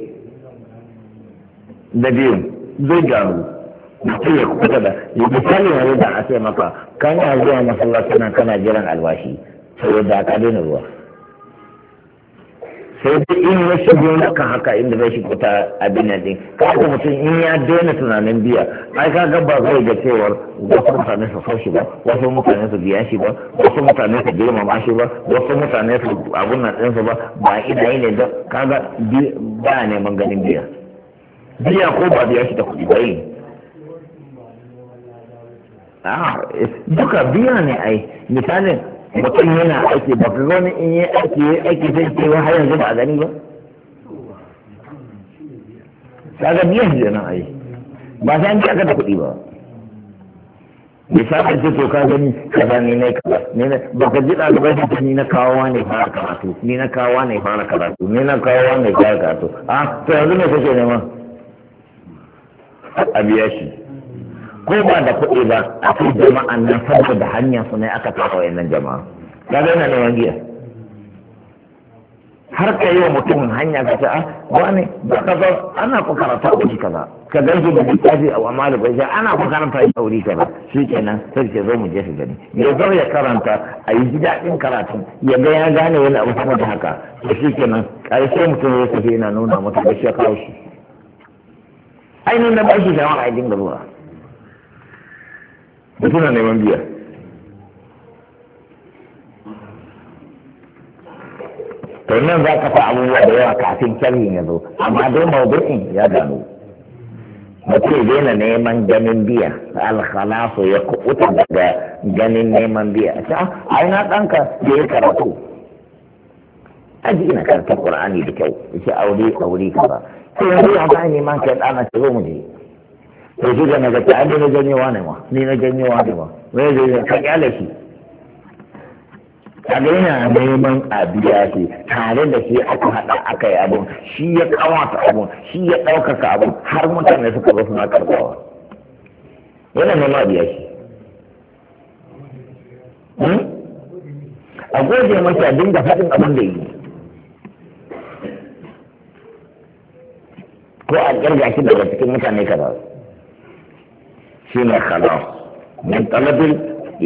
da biyun zai gano mutum ya kuka da ya misali yanzu da a ce maka yi zuwa masallaci nan kana jiran albashi saboda ka daina ruwa sai dai in ya shigo naka haka inda zai shigo ta abin nan din kaga mutum in ya daina tunanin biya ai kaga ba zai ga cewar wasu mutane su fashi shi ba wasu mutane su biya shi ba wasu mutane su girmama shi ba wasu mutane su abun nan ɗinsu ba ba ina yi ne da kaga ba neman ganin biya biya ko ba biya shi da kuɗi ba yi ah, eh, duka biya ne ai misalin mutum yana aiki ba ka in yi aiki yi aiki sai ke wa har yanzu ba a gani ba kaga biya shi nan ai ba sai an ji aka da kuɗi ba misalin ce to ka gani kaza ni ne kaza ba ka ji ɗalibai ta ni na kawo ne fara karatu ni na kawo ne fara karatu ni na kawo ne fara karatu a ah, to yanzu kake a biya shi ko ba da kuɗi ba a fi jama'a nan saboda hanya su ne aka tara nan jama'a ya ga yana neman giya har ka yi wa mutumin hanya ka ce ah ne ba ka zo ana ku karanta a wuri kaza ka gan su da littafi a wama malu bai ana ku karanta a wuri kaza shi nan sai ke zo mu je su gani ya zo ya karanta a yi ji daɗin karatun ya ga ya gane wani abu sama da haka to shi kenan ƙarshe mutum ya tafi yana nuna mutum da shi ya kawo shi ainihin da ba shi shawara a dinga zuwa da suna neman biya to nan za ka fa abubuwa da yawa kafin sharhin ya zo amma dai maudu'in ya gano mutum daina neman ganin biya alkhalasu ya kuɓuta daga ganin neman biya ta ai na ɗanka da ya karatu aji ina karanta qur'ani da kyau yace aure aure kaza to yanzu ya ba ni man kai ɗana ce mu je to shi ga naga ta ni na janyewa ne ma ni na janyewa ne ma me zai ka kyale shi kaga yana neman a biya tare da shi aka haɗa aka yi abun shi ya kawata abun shi ya ɗaukaka abun har mutane suka zo suna karɓawa yana neman a biya shi hmm? a goje masa dinga faɗin abin da yi ko a kirga shi daga cikin mutane kaza shi ne khalas min talabil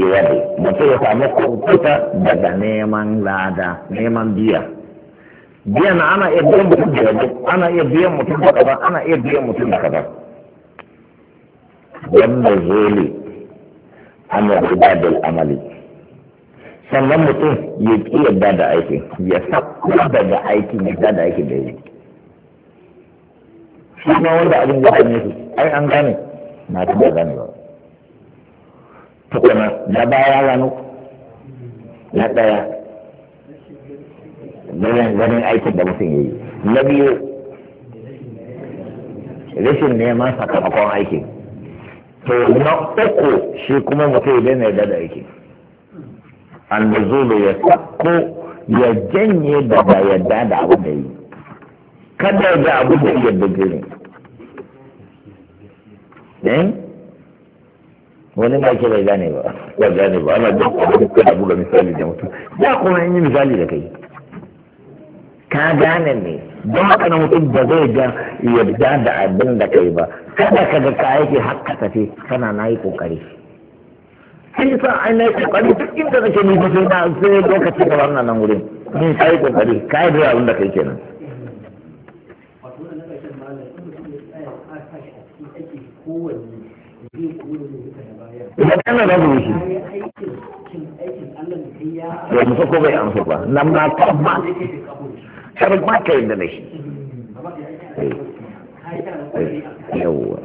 iwadi mutum ya samu kurkuta daga neman lada neman biya biya na ana iya biyan mutum da yabo ana iya biyan mutum da kaza ana iya biyan mutum da kaza wanda zoli an yarda da amali sannan mutum ya ƙi yadda da aikin ya sakko daga aikin yadda da aikin da ya yi shi wanda abin da ne su ai an gane na ta da gane ba tukuna na baya gano na ɗaya ganin ganin aikin da mutum ya yi na biyu rashin neman sakamakon aikin to na uku shi kuma mutum idan ya da aikin annuzulu ya sako ya janye da yadda da abin da yi kada ya ga abu da yadda jini Eh? wani ba ke bai gane ba ba gane ba ana duk da buga misali da mutum ba kuma in yi misali da kai ka gane ne don haka na mutum ba zai ga yarda da abin da kai ba kada ka ga ka yake haka tafi kana na yi kokari sai sa ai na yi kokari duk inda nake ni nufi sai na sai lokaci da wannan nan wurin ni ka yi kokari ka yi da abin da kai kenan ولكن يجب ان يكون هناك افضل من اجل ان يكون هناك افضل من اجل ان يكون هناك افضل من اجل ان يكون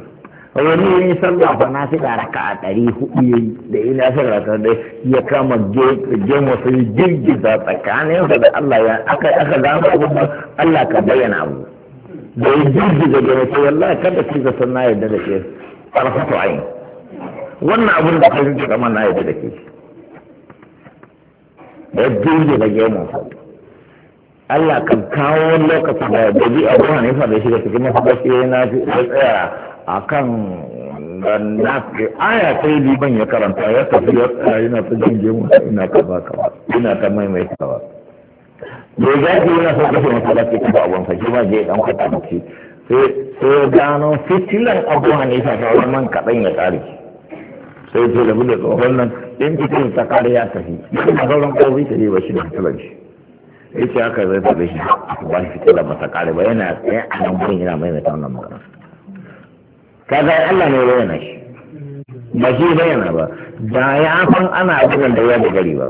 هناك افضل من اجل ان يكون هناك افضل من اجل ان يكون هناك افضل من اجل ان يكون هناك افضل من اجل ان يكون هناك افضل من اجل ان يكون هناك افضل من اجل ان يكون هناك افضل من اجل ان يكون هناك افضل من اجل da ya girgiza gane yalla wallahi kada ki zaton na yadda da ke ƙarfafa ayin wannan abin da kai zuci kama na yadda da ke da ya girgiza gane Allah kan kawo lokacin da ya bi abu ne fa da shi da cikin masallaci na fi tsaya kan na aya sai liban ya karanta ya tafi ya tsaya yana ta jirgin mu ina kaza kaza ina ta maimaitawa ya gaji yana son kashe masallaci kuma abun sa shi ma je dan kwata mace sai gano fitilan abu hanifa ta man kaɗan ya ƙare sai ce da buɗe tsohon nan in cikin ta ƙare ya tafi yadda ba sauran ƙarfi ta yi ba shi da fitilan shi ya ce aka zai tafi shi ba shi fitilan ba ta ƙare ba yana tsaye a nan gurin yana maimaita wannan magana kaga Allah ne bayyana shi ba shi bayyana ba da ya san ana abin da ya da gari ba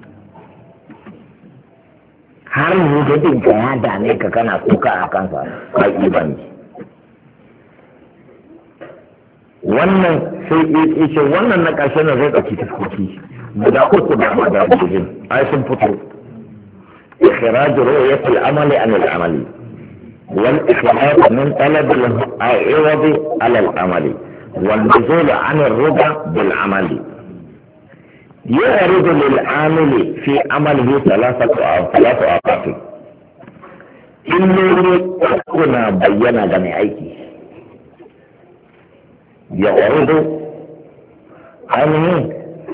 har zubin ka ya dame ka kana kuka a kansa ka yi ban ne wannan sai ya ce wannan na ƙarshen na zai tsaki tafoki guda uku da ma da zubin ai sun fito ikhraj ru'yat al-amali an al-amali wal ikhraj min talab al-awadi ala al-amali wal nuzul an ar-ruba bil amali يعرض للعامل في عمله ثلاثة ثلاثة آفات illoli kuna bayyana ga mai aiki ya wardo ainihin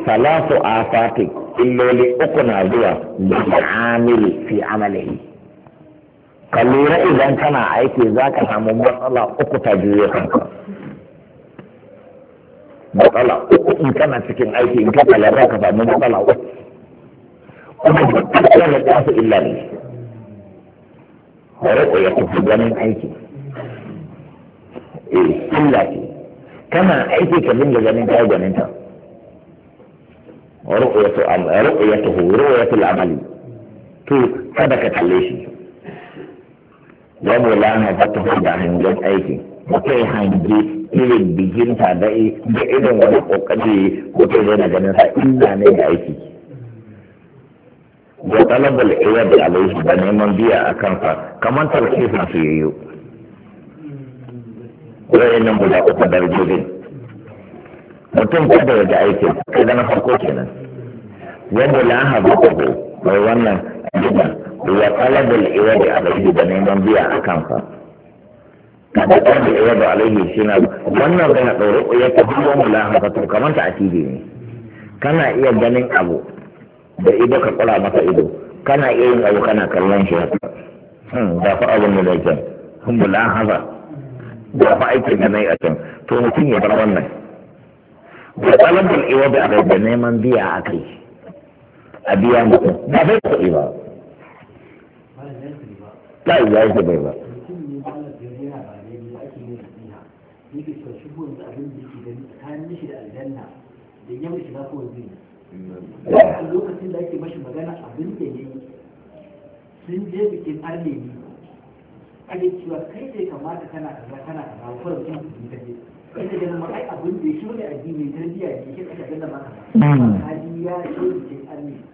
salatu afati illoli uku na zuwa da amili fi amalihi ka lura idan kana aiki za ka samu matsala uku ta juyo kankan. matsala uku in kana cikin aiki in kana lada ka samu matsala uku kuma dukkan da ta su illa ne hore ko ya tafi ganin aiki eh illa ce kana aiki ka dinga ganin kai ganin ta ru'yatu ru'yatu ru'yatu al-amali to kada ka kalle shi wa mulana ta tafi da hanyar aiki muka yi hange irin biginta da irin wani kokari zai na ganin sa ina ne ya aiki da talabal iya da alaihi da neman biya a kansa kamar tarkifin su yi wani nan guda uku darajojin mutum kada da ga aikin kai na farko kenan wanda la haɓa ko mai wannan gida wa talabal iya da alaihi da neman biya a kansa kada ta da yawa da alaihi shi na wannan zai haɗa ruƙuyar ta duba mulahazatu kamar ta asiri ne kana iya ganin abu da ido ka kula masa ido kana iya yin abu kana kallon shi haka da fa abin da zai can mulahaza da fa aiki da na yi a can to mutum ya bar wannan da talabar iwa da da neman biya a kai a biya mutum ba bai kuɗi ba ba ya ba bai ba shi ko da yake da aljanna da ya mishi za zai a lokacin da ake mashi magana abin da ya yi sun je bikin ake cewa kai ne kamata kana kaza kana kaza ko da kaje kai ai abin da shi ne addini tarbiyya ne hmm. hali ya bikin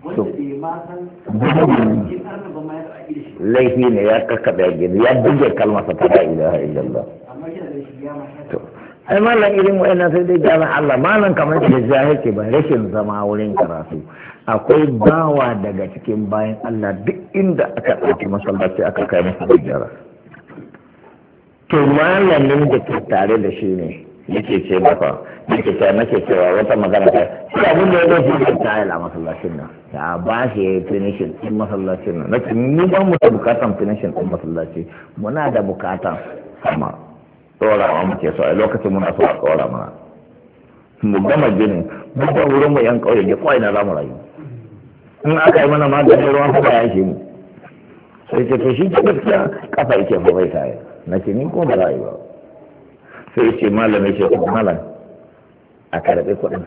wanda bai ma san hmm. bikin ba ma ya da laifi ne ya gidi ya buge kalmasa ta la ilaha illallah amma kina da shi ya ma to ai malam irin wa'annan sai dai gane Allah malam kamar da ke ba rashin zama wurin karatu akwai bawa daga cikin bayan Allah duk inda aka ɗauki masallaci aka kai masa hujjara to malamin da ke tare da shi ne yake ce maka yake ce nake cewa wata magana ta shi abin da ya zo shi ta yi a masallacin nan ta ba shi ya yi finishin ɗin masallacin nan ce ni ba mu da bukatan finishin ɗin masallaci muna da bukatan sama tsorawa muke so a lokacin muna so a tsora mana mu gama jinin mu da wurin mu yan kauye ya kwai na zamu rayu in aka yi mana maganin ruwan haka ya ke mu sai ce to shi ke gaskiya kafa yake ba bai tare na ce ni ko ba za a yi ba sai ce malami ce ko malam a karɓi kuɗin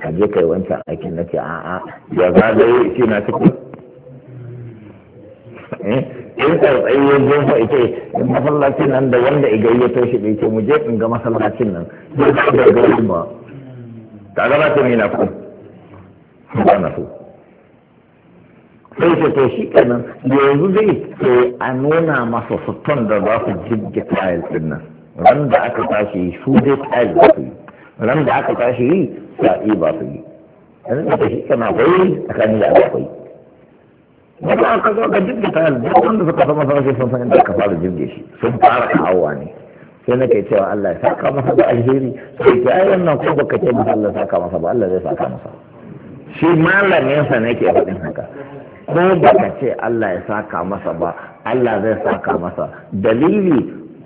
ka je kai wancan aikin na ce a'a ya yi shi na cikin eh? in tsautsayi ya jefa ita masallacin nan da wanda igai ya toshe bai ce mu je in ga masallacin nan zai ci da gari ba ta gaba ta mina ku ba na so sai ce to shi kenan yanzu zai ce a nuna masa sutton da za su jibge tayar din nan ran da aka tashi su dai tayar ba su yi ran da aka tashi yi sa'i ba su yi yanzu da shi kana bai tsakanin da akwai wanda aka zo ka jirgin tayar duk wanda suka sama sarki sun san inda ka fara jirgin shi sun fara kawowa ne sai na ke cewa Allah ya saka masa da alheri sai ke ai wannan ko baka ce masa Allah saka masa ba Allah zai saka masa shi malamin sa ne ke faɗin haka ko baka ce Allah ya saka masa ba Allah zai saka masa dalili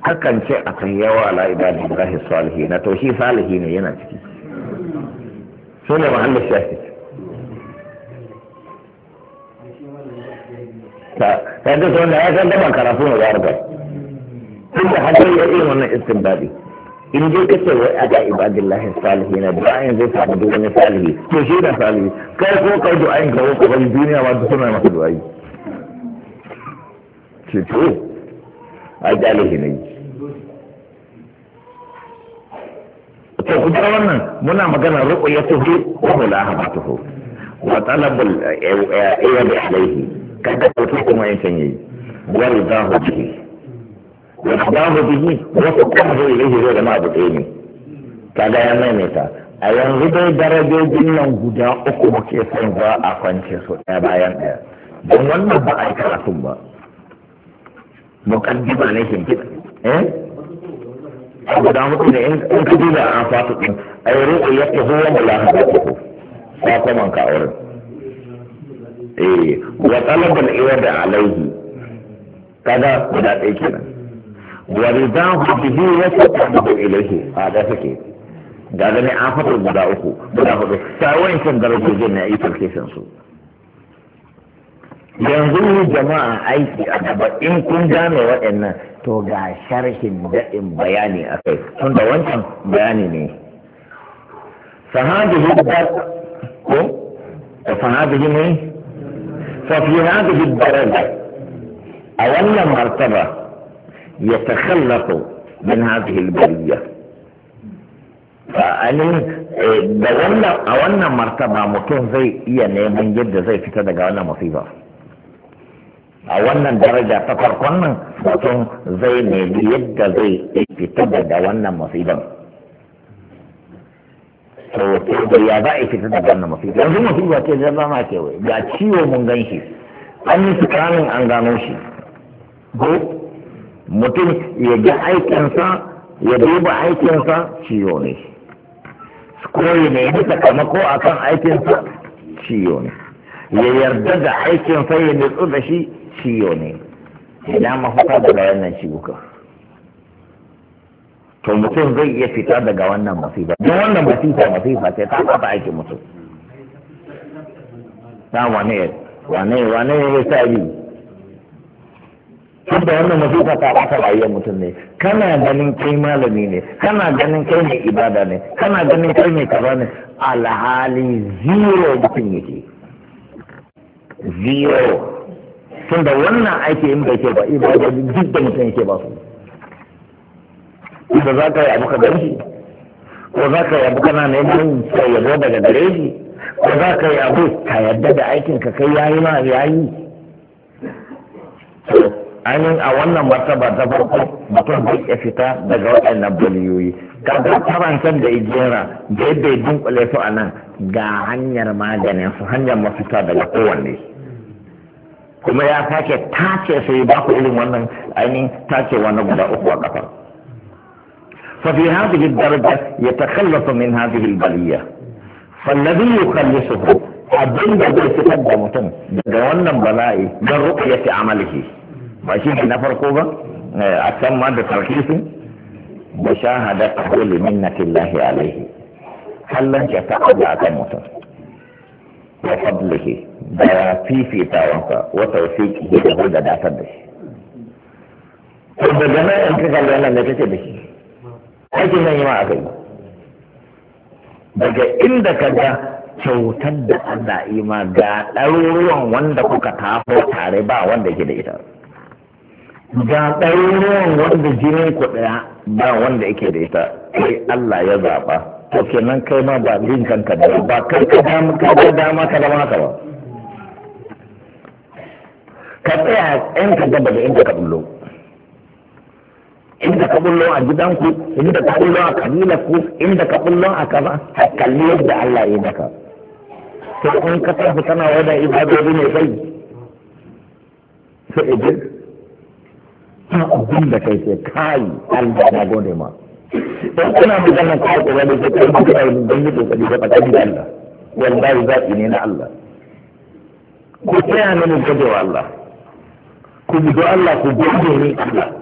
hakan ce a akan yawa ala ibadillahi salihin to shi salihi ne yana ciki sune mahallin shafi فحدث وانا هاسان دبا كرافون وغاربا كنت حدث يأيه وانا استنبادي إن جي كتب وعدا عباد الله الصالحين دعاين زي فعبدو وانا صالحي كشينا صالحي كيف هو قيد وعين كوك وغل الدنيا وعدتنا ما خدو عين شتو عدا عليه نجي to ku jira wannan muna magana ru'ayatuhu wa mulahabatuhu wa talabul ayyadi eh, eh, eh, alayhi kada ɗauki kuma yankan yayi wal zahu bihi wal zahu bihi wasu kuma zai ilaihi zai zama abu ɗaya ne kaga ya maimaita a yanzu dai darajojin nan guda uku muke son za a kwance su ɗaya bayan ɗaya don wannan ba a yi karatun ba mukaddima ne shimfiɗa eh a guda mutu ne in ka duba an fatu ɗin a yi ru'u ya ta huwa da lahabar ku sakamanka a wurin Eh, wa talabal iwada alaihi kaga guda ɗaya kenan wa ridahu bihi wa taqabu ilaihi a da take da ga ne an fito guda uku guda hudu sai can darajojin ne yi tarkishin su yanzu jama'a aiki a gaba in kun gane waɗannan to ga sharhin daɗin bayani a kai tun da wancan bayani ne fahadihi da ko fahadihi ne ففي هذه الدرجة أول مرتبة يتخلق من هذه البرية فأني دولا أولا مرتبة مطلوب زي يعني من جد زي في تدقى أولا مصيبة أولا درجة تقرقنا مطلوب زي من جد زي في تدقى أولا مصيبة to da ya za a fita da wannan mafi yanzu mafi ba ce zama ma ke wai ga ciwo mun gan shi an yi tsakanin an gano shi ko mutum ya ga aikinsa ya duba aikinsa ciwo ne ko ya nemi sakamako a kan aikinsa ciwo ne ya yarda da aikinsa ya nutsu da shi ciwo ne ya mafuka da bayan nan ciwuka to mutum zai iya fita daga wannan masifa don wannan masifa masifa sai ta kafa aikin mutum na wane wane wane ne sa yi tunda wannan masifa ta ɓata rayuwar mutum ne kana ganin kai malami ne kana ganin kai mai ibada ne kana ganin kai mai kaza ne alhali zero mutum yake zero tunda wannan aiki in bai ke ba ibada duk da mutum yake ba su ita za ka yi abu ka ganshi ko za ka yi abu kana zo daga gare shi ko za ka yi abu ka yadda da aikin ka kai yayi ma yayi ainihin a wannan martaba ta farko mutum zai iya fita daga waɗannan baliyoyi kaga tabancan da jera da yadda ya dunkule su a nan ga hanyar maganin su hanyar mafita daga kowanne kuma ya sake tace sai ba ku irin wannan ainihin tacewa na guda uku a kafar. ففي هذه الدرجة يتخلص من هذه البلية فالذي يخلصه عبدالله بل تقدمتم بدون بلائي بالرقية عمله ماشي هنا فرقوبة آه، أكثر ما بتركيس مشاهدة قول منة الله عليه هل جتعد عدمتم وفضله في في تاوانك وتوفيقه لهذا دافده فبدنا انتظر لنا نتجه به aikin zan yi ma aka yi daga inda ka ga kyautar da Allah ima ga ɗaruruwan wanda kuka taho tare ba wanda ke da ita ga ɗaruruwan wanda jinin ku ɗaya ba wanda yake da ita sai Allah ya zaɓa to kenan kai ma ba jin kanka da ba kai ka dama ka ga dama ka dama ka ba ka tsaya ɗan ka gaba da inda ka bullo inda ka bullo a gidanku inda ka bullo a kabilarku inda ka bullo a kaza kalli yadda Allah ya daka to in ka tafi kana wada ibadodi ne sai sai idan ta abin da kai ce kai Allah na gode ma dan kana magana ka ko wani sai kai yi da dan ne ko kaji ka kaji Allah wallahi zaki ne na Allah ku tsaya ne mu gode wa Allah ku bi Allah ku gode ne Allah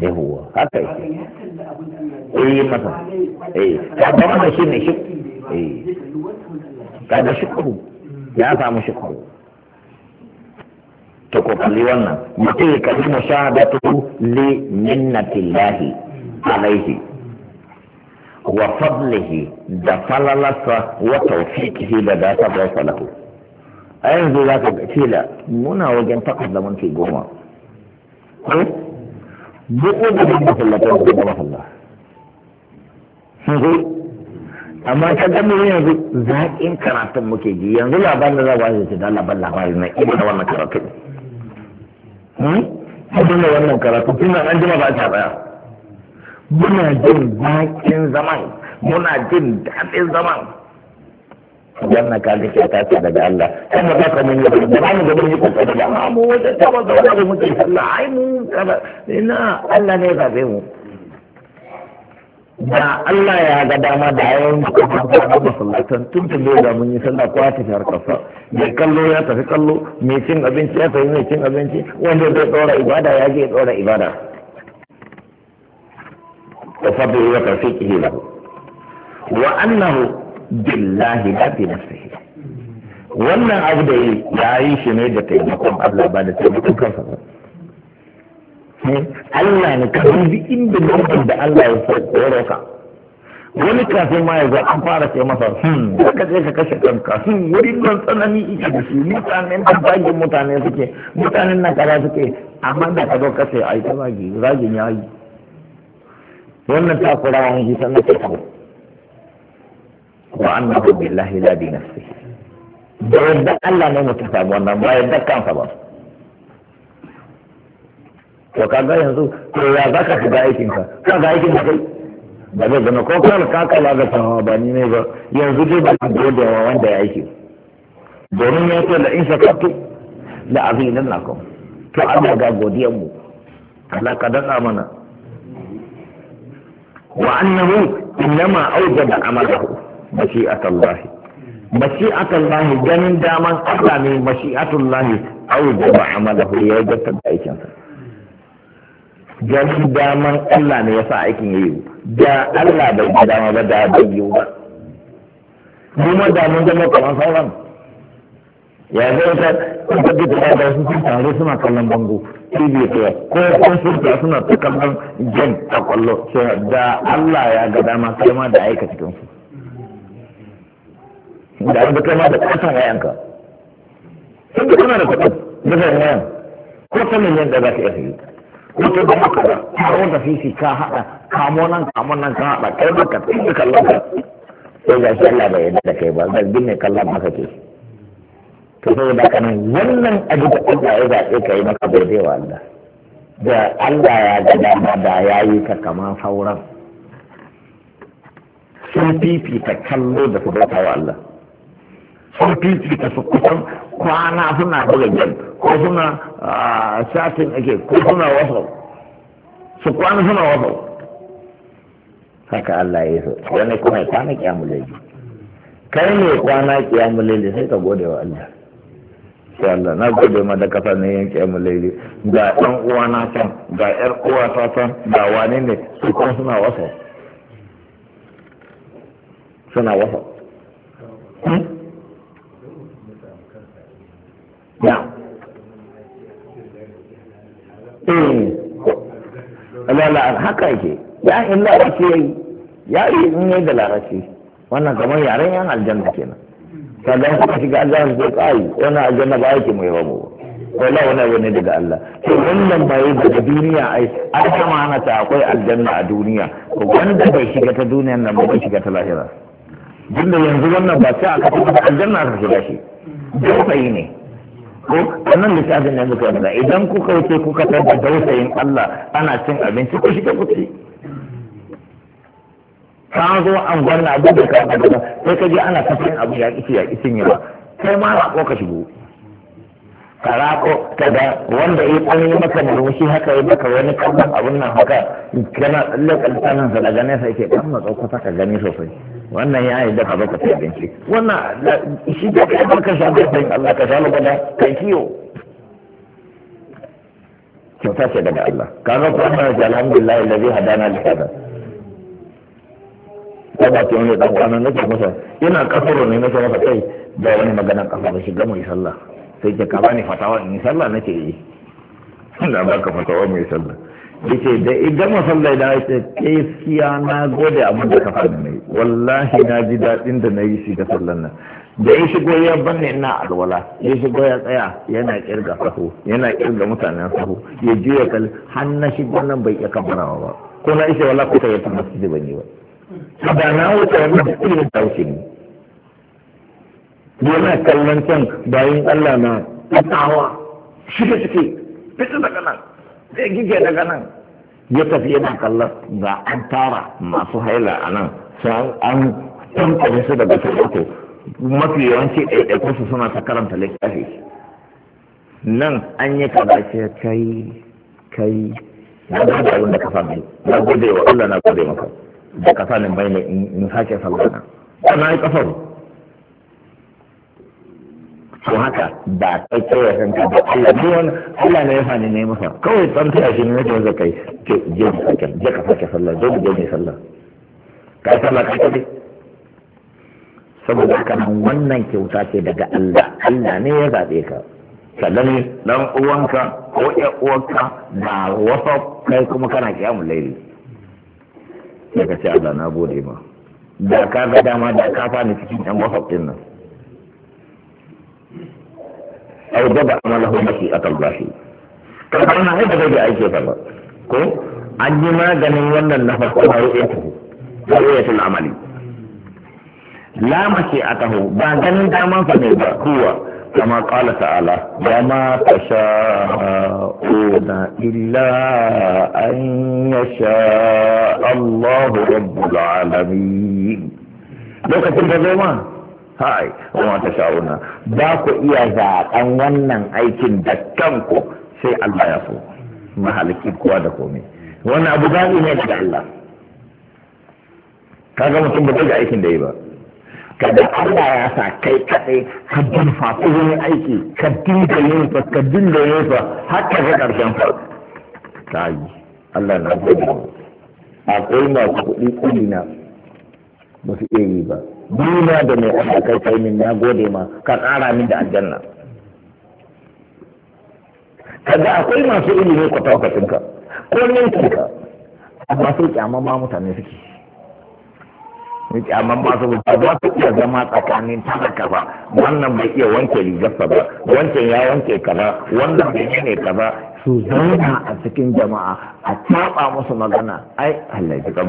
yahuwa haka eh shi ne eh, eh, shi eh ya samu to ko wannan mutum mushahadatu li minnatillahi alaihi wa fadlihi da falalasa wa tawfiqihi da da ta lahu a yanzu za ka da muna wajen takwas da minti goma ko duk wanda ba mu fallata ba ba falla amma ka ga mun yanzu zaƙin karatun muke ji yanzu labarin da za ba shi da labarin labarin na ibo da wannan karatun hmm? abin da wannan karatun tun da an jima ba ta tsaya muna jin zaƙin zaman muna jin daɗin zaman wannan ka ga ta ce daga Allah kan da ka mun yi da ba mu ga mun yi kokari ma mu wajen ta ba da mu muke sallah ai mu kada ina Allah ne be mu da Allah ya ga dama da ayoyin da masallatan tun tun da ga mun yi sallah ko ta har kafa mai kallo ya tafi kallo Me cin abinci ya tafi mai cin abinci wanda zai tsora ibada ya je tsora ibada tafaddu wa tafi kihilahu wa annahu billahi la bi nafsihi wannan abu da yi ya yi shi ne da taimakon Allah ba da taimakon kansa ba hmm? Allah ne ka dubi inda mutum da Allah ya sauko roka. wani kafin ma ya zo an fara sai masa hmm ka ka kashe kanka hmm wurin nan tsanani ike da shi mutanen da bagin mutane suke mutanen na kara suke amma da ka zo kace ai ta zagi zagin yayi wannan ta kura wani sannan ka kawo wa annahu billahi la bi nafsi da yadda Allah ne mutum samu wannan ba yadda kansa ba to kaga yanzu to ya zaka shiga aikin ka ka ga aikin ka kai ba zai zama ko kan ka kala ga sama ba ni ne ba yanzu dai ba ka gode wa wanda ya aiki domin ya ce la in shakartu la azidannakum to Allah ga godiyar mu Allah ka daka mana wa annahu innama awjada amalahu mashi'atan mashi'atan mashi'atullahi ganin daman Allah ne mashi'atan mashi'atullahi au da amala amalahu ya jatta da aikin sa ganin daman Allah ne yasa aikin yayi da Allah bai da dama ba da bai yi ba mu ma da mun zama kamar sauran ya zai ta ta bi da da su sun tare suna kallon bango TV ko ko kun sun ta suna ta kallon jin a kwallo da Allah ya ga dama kai ma da aika cikin su da an kai ma da kasan wayanka sun da kana da kuɗi bisa wayan ko sanin yadda za ka iya sayi wato da haka da kawo da fifi ka haɗa kamo nan kamo nan ka haɗa kai ba ka tsaye kallon ka sai ga shi Allah bai yadda da kai ba zargin ne kallon maka ke to sai haka nan wannan abu da Allah ya zaɓe ka yi maka bai bai wa Allah da Allah ya ga dama da ya yi ka kamar sauran sun fifita kallo da su bauta wa Allah sun fifita su kusan kwana suna buga ko suna satin ake ko suna wasau su kwana suna wasau haka Allah ya yi so wani kuma ya kwana kiyamulaili kai ne kwana kiyamulaili sai ka gode wa Allah sai Allah na gode ma da kafa ne yin kiyamulaili ga ɗan uwana can ga ƴar uwata can ga wani ne su kuma suna wasau suna wasau hmm? na eh alala haka yake ya in larabci yayi ya yi in yayi da larabci wannan kamar yaren yan aljanna kenan kaga kuma shiga aljanna sai kai wani aljanna ba yake mai babu wala wani abu ne daga Allah to wannan bai daga duniya ai an kama ta akwai aljanna a duniya wanda bai shiga ta duniyan nan ba shiga ta lahira Duk da yanzu wannan ba sai aka kuma aljanna ka shiga shi dai ne ko wannan littafin ne muka yi idan kuka wuce kuka san da dausayin Allah ana cin abinci ko ka kuce ka zo an gwanna abin da ka gaba sai ka ji ana tafin abu ya kici ya kicin yawa kai ma ko ka shigo ka ko ka ga wanda ya yi maka murmushi haka ya maka wani kallon abun nan haka kana tsalle kallon sa daga nesa yake kan matsaukata ka gani sosai wannan ya yi dafa baka ta abinci wannan shi ta kai baka sha da sai Allah ka sha da kai kiyo kyauta ce daga Allah ka ga ko Allah ya alhamdulillah alladhi hadana li hada ko ba ke wani dan wannan nake masa ina kafaro ne nake masa kai da wani magana kafa ba shi ga mai sallah sai ke ka bani fatawa in sallah nake yi Allah baka fatawa mai sallah yace da idan masallai da yace gaskiya na gode abin da ka faɗi mai wallahi na ji daɗin da na yi shi ga sallan nan da ya shigo ya banne ina alwala ya shigo ya tsaya yana kirga sahu yana kirga mutanen sahu ya je ya kalli har na shigo bai iya kammalawa ba ko na ishe wala kuka ya tuna su ban yi ba ba na wuce da ne yana kallon can bayan Allah na tattawa shi shiga ciki fita daga sai kike daga nan ya tafi yana kallon ga an tara masu haila a nan sai an tankwame su daga sarauto mafi yawanci ɗaiɗaikun su suna ta karanta littafi nan an yi kaza ce kai kai na gode abin da ka sami na gode wa Allah na gode maka da ka sani bai ne in sake sallana ana yi kasar to haka ba kai kai san ka ba Allah ne wani Allah ne ya fani ne masa kawai a shi ne yake kai ke je ka sake je ka sake sallah je ka je sallah ka sallah ka kace saboda haka nan wannan kyauta ce daga Allah Allah ne ya zabe ka sallani dan uwanka ko ya uwanka da wasa kai kuma kana kiyamul laili sai ka ce Allah na gode ma da ka ga dama da ka fani cikin ɗan wasa din nan أو جب عمله مشيئة الله كما هذا بدأ أي شيء كما كو أنما جنين نفق النفق رؤيته رؤية العمل لا مشيئته بعدين داما فنيبا هو كما قال تعالى وما تشاءون إلا أن يشاء الله رب العالمين لو كتب ما hai kuma ta sha'una ba ku iya zaɓen wannan aikin da kanku sai Allah ya so mahalikin kowa da komai wannan abu zaɓi ne daga Allah kaga mutum ba ga aikin da yi ba kada Allah ya sa kai kaɗai ka dinfa ko wani aiki ka dinga yin fa ka dinga yin fa har ka ga ƙarshen fa yi Allah na gode a kai kuɗi kuɗi na ba su iya yi ba duniya da mai ana kai kai min na gode ma ka ƙara min da aljanna kada akwai masu ilimi kwata ka ko ninkin ka amma sai kyamama mutane suke yake amma ba su ba za su iya zama tsakanin talaka ba wannan bai iya wanke rigarsa ba wancan ya wanke kaza wannan bai ne kaza su zauna a cikin jama'a a taba musu magana ai Allah ya da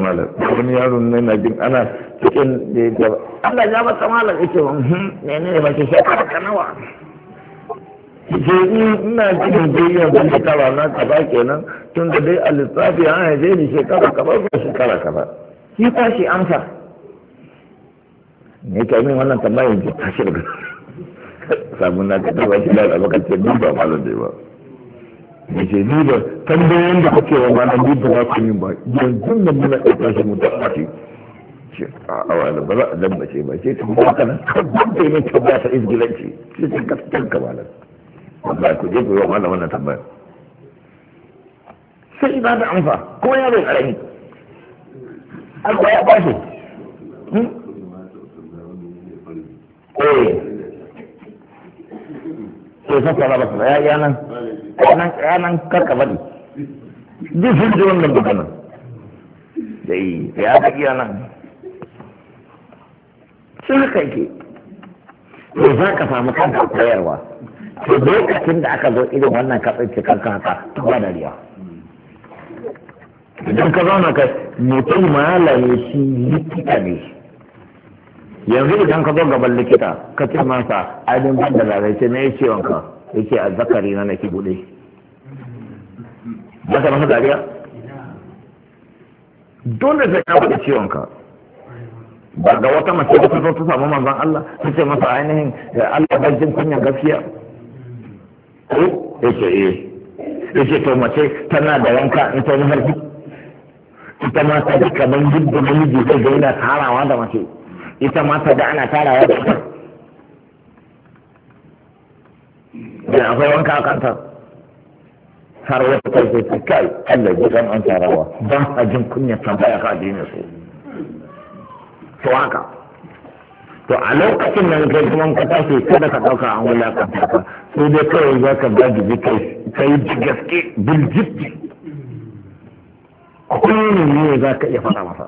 wani yaro ne na jin ana cikin da ya Allah ya mhm, ba kamala yake wa ne ne ba ke shekara kanawa ke ina cikin duniya da shekara na kaza kenan tun da dai a lissafi an haife ni shekara kaza ko shekara kaza shi tashi amsa ne ka min wannan tambayar ke tashi daga samun na ka tabbata shi da abokan ce ni ba malam dai ba ne ce ni ba tambayoyin da kake wa malam ni ba za ku ba yanzu nan muna da tashi mu tabbata ce a awalin ba za a dan ce ba ce tun ba kana kan ba ne ta ba ta izgilanci ce ce gaskiyar ka malam wallahi ku je ku yi wa malam wannan tambayar sai ba da amfa ko ya bai karami Allah ya bashi hmm? koye ke ya nan karka duk wannan ya ta nan ke za ka samu kanka koyarwa to lokacin da aka zo irin wannan katsinci kanka haka ta ba dariya idan ka zauna ka mutum malami shi likita ne yanzu idan ka zo gaban likita ka ce masa ainihin ban da ya ce wanka ya ka a zakari na nake bude ba ka masa dariya dole sai ka faɗi ciwon ka ba ga wata mace ta zo ta samu manzon Allah ta ce masa ainihin Allah bai jin kunya gaskiya ko yake eh yake to mace tana da yanka in ta yi harbi ita ma ta ji kamar yadda namiji zai ga yana tarawa da mace ita ma da ana tara ya ita da akwai wanka a kanta har wata karfe ta kai Allah ji kan an tarawa don a jin kunya tambaya ka dina su to haka to a lokacin nan kai kuma ka tashi kada ka dauka an wula ka sai dai kawai za ka ba jibi kai kai gaske biljibbi kullum ne za ka iya faɗa masa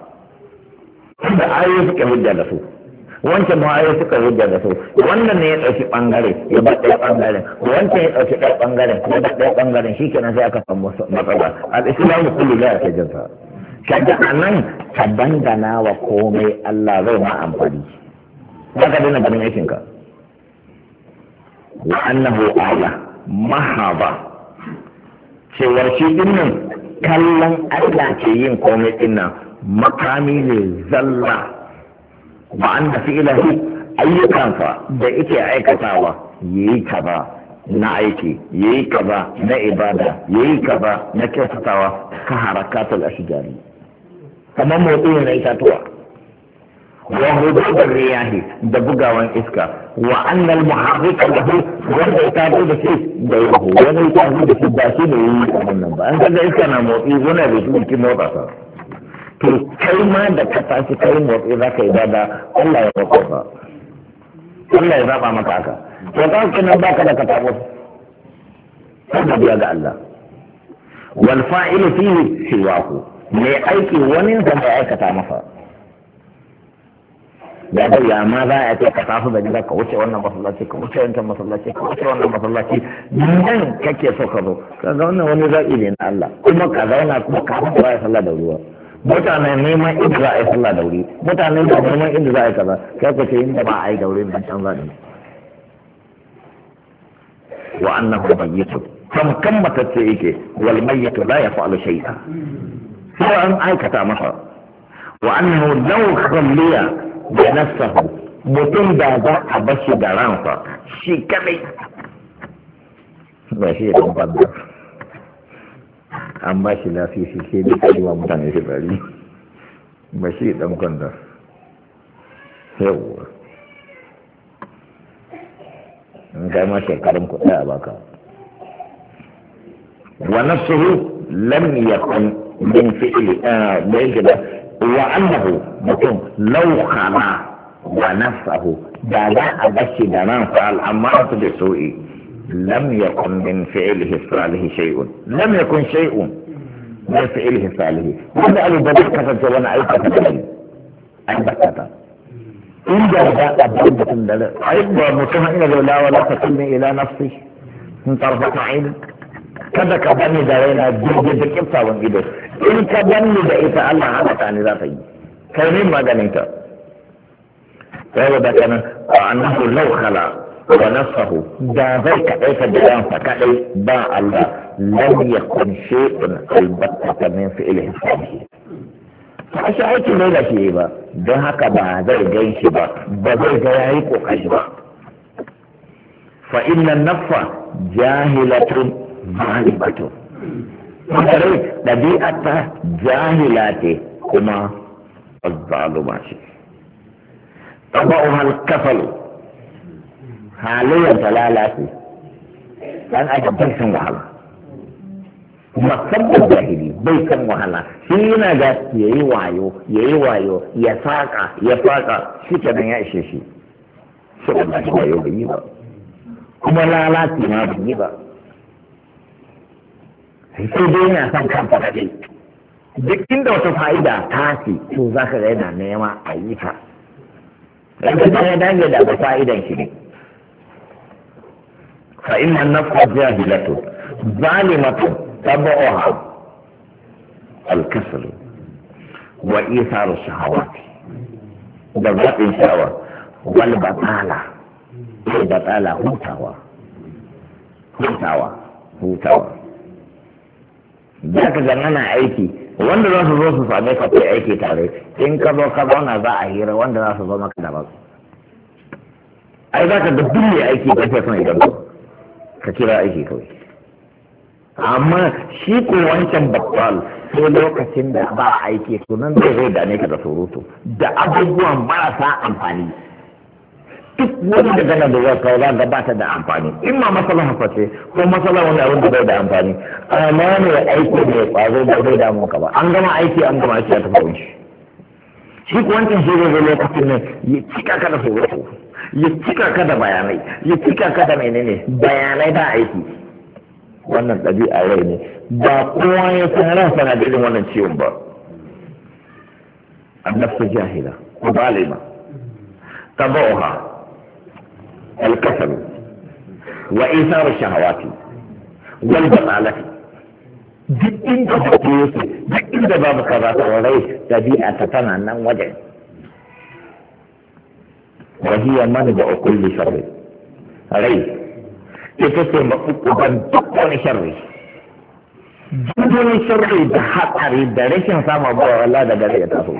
da ayo suka hujja da su wancan ma ayo suka hujja da su wannan ne ya dauki bangare, ya ba ɗaya bangare wancan ya dauki ɗaya bangare ya ba ɗaya bangare shi kenan sai aka samu matsala al-islamu kullu la yakjinsa kaga anan ka dangana wa komai Allah zai ma amfani ba ga dana ganin aikinka wa annahu ala mahaba cewar shi dinnan kallon Allah ke yin komai dinnan makami ne zalla ba an da fi ilahi ayyukansa da ike aikatawa ya yi ba na aiki ya yi ba na ibada ya yi ba na kyautatawa ka shi jari kamar motsi ne na itatuwa wa hudu da riyahi da bugawan iska wa annal muharrika lahu wanda ita tafi da shi da yahu wanda ita tafi da shi ba shi ne yi kamar nan ba an kaga iska na motsi wani da shi motsa sa to kai ma da ka tashi kai motsi za ka ibada Allah ya roƙo ba Allah ya zaba maka haka to ka na baka da katabo sai da biya ga Allah wal fa'ilu fihi siwahu mai aiki wani da mai aikata masa da da ya ma za a ce ka tafi da gida ka wuce wannan masallaci ka wuce wannan masallaci ka wuce wannan masallaci nan kake so ka zo kaga wannan wani zaɓi ne na Allah kuma ka zauna kuma ka haɗa sallah da ruwa mutane neman inda za a yi sallah da wuri mutane da neman inda za a yi kaza kai ku ce inda ba a yi da wuri ne can za yi wa annahu mayyitun kam kan matacce yake wal mayyitu la yaf'alu shay'a sai an aikata masa wa annahu law khamliya bi nafsihi mutum da za a bashi da ransa shi kadai ba shi ya ban an ba shi lafiya sai da kaiwa mutane shi bari ba shi dan kwanda yawwa in kai ma shekarun kuɗi a baka wa nafsuhu lam yakun min fi'li ah bai ba wa annahu mutum law khana wa nafsahu da za a bashi da ran fa al'amara da su'i لم يكن من فعله فعله شيء لم يكن شيء من فعله فعله وانا قالوا بلحكة فجوانا عيبكة فجوانا عيبكة فجوانا عيبكة فجوانا عيبكة فجوانا عيبكة فجوانا عيبكة مطمئنة لولا ولا تكلمي الى نفسي من طرفة عينك كذا كبني دارينا دي دي دي كيف تاون ايدو ان كبني دائتا الله عادة عن ذاتي كلمين ما دانيتا فهو ده كان انه لو خلع wa nafsahu da zai kaɗai ka da ransa kaɗai ba Allah lam yakun shay'un albatta min fi'lihi salihi a shi aiki ne da shi ba don haka ba zai gan shi ba ba zai ga yayi kokari ba fa inna nafsa jahilatun zalimatun mutare ɗabi'ata jahila ce kuma azzaluma ce tabauha al-kafalu halayyar ta lalace dan aka bai san wahala musamman jahili bai san wahala shi yana ga ya yi wayo ya yi wayo ya saka ya saka shi kenan ya ishe shi shi Allah shi wayo bai yi ba kuma lalace ma bai yi ba sai dai yana son kan faɗaɗe duk inda wata fa'ida ta ce to za ka ga yana nema a yi ta. Yanzu ya dange da fa'idan shi ne. fa inna nakwa jahilatu zalimatu tabu'uha al-kasl wa itharu shahawati da za zaɓin sha'awa wal batala wal batala hutawa hutawa hutawa zaka ga ana aiki wanda za su zo su same ka kai aiki tare in ka zo ka zauna za a hira wanda za su zo maka da ba ai za ka da duk mai aiki ba sai suna idan ba ka kira aiki kawai amma shi ko wancan babbal sai lokacin da ba aiki sunan zai zai dane ka da surutu da abubuwan marasa amfani duk wani da gana da za ka za ba ta da amfani in ma masala hafa ce ko masala wani abin da bai da amfani amma ne aiki ne kwazo da bai da muka ba an gama aiki an gama aiki a tafi shi ko wancan shi zai zai lokacin ne ya cika ka da surutu ya cika ka da bayanai ya cika ka da menene bayanai ba aiki wannan ɗabi'a rai ne ba kowa ya san ransa na irin wannan ciwon ba annafsu jahila ko balima tabuha al-kasal wa isaru shahawati wal batalati duk inda ba ke yake duk inda babu kaza ta rai ɗabi'a ta tana nan wajen wa mana manba'u okulli sharri rai ita ce mafukuban duk wani sharri duk sharri da hatsari da rashin samu abuwa wala da gare ya taso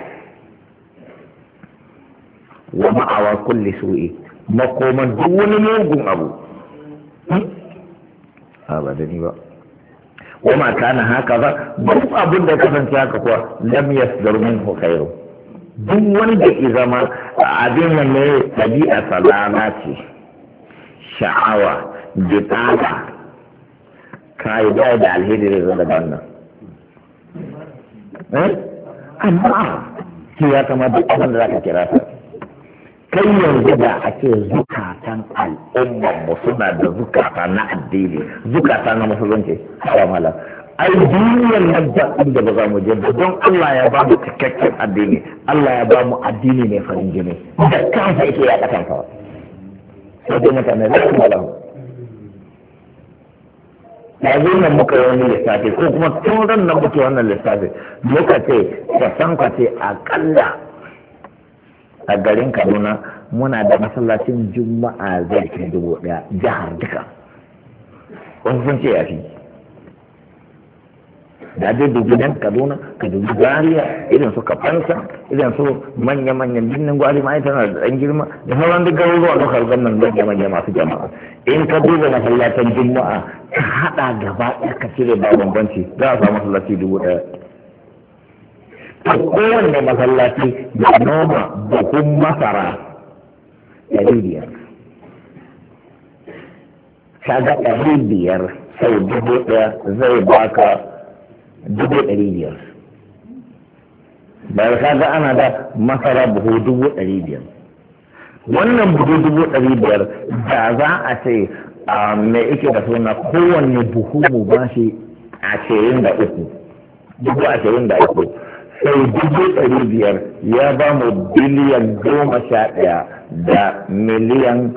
wa ma'awa kulli su'i makoman duk wani mugun abu ba da ni ba wa ma kana haka ba duk abin da kasance haka kuwa lam yasdar minhu khairu duk wanda ke zama abin nan ne ɗabi'a salama ce sha'awa tsada kayi da da alheri da zan da wannan. Eh? amma ki ya kamata duk abin da zaka kira ta kai yanzu da ake zukatan al'ummar mu suna da zukata na addini zukata na musulunci haram ai duniyar nan ba inda ba za mu je don Allah ya ba mu cikakken addini Allah ya ba mu addini ne farin jini da kansa yake ya kasan kawai sai dai mutane da su da zo nan muka yi wani lissafi ko kuma tun ran nan muke wannan lissafi muka ce ka san ka ce akalla a garin Kaduna muna da masallacin juma'a zai dubo daya jihar duka wani sun ce ya fi da dai dubi nan kaduna ka dubi Zariya, irin su kafansa irin su manya-manyan birnin gwari ma tana da ɗan girma da sauran duk garuruwa na kargan nan manya-manya masu jama'a in ka duba masallatan juma'a ka haɗa gaba ɗaya ka cire ba bambanci za a samu masallaci dubu ɗaya a kowanne masallaci da noma buhun masara ɗari biyar ga ɗari biyar sau dubu ɗaya zai baka dubu ɗari biyar bai kaga ana da masara buhu dubu ɗari biyar wannan buhu dubu ɗari biyar da za a ce a mai ike da suna kowanne buhu mu ba shi ashirin da uku dubu ashirin da uku sai dubu ɗari biyar ya ba mu biliyan goma sha ɗaya da miliyan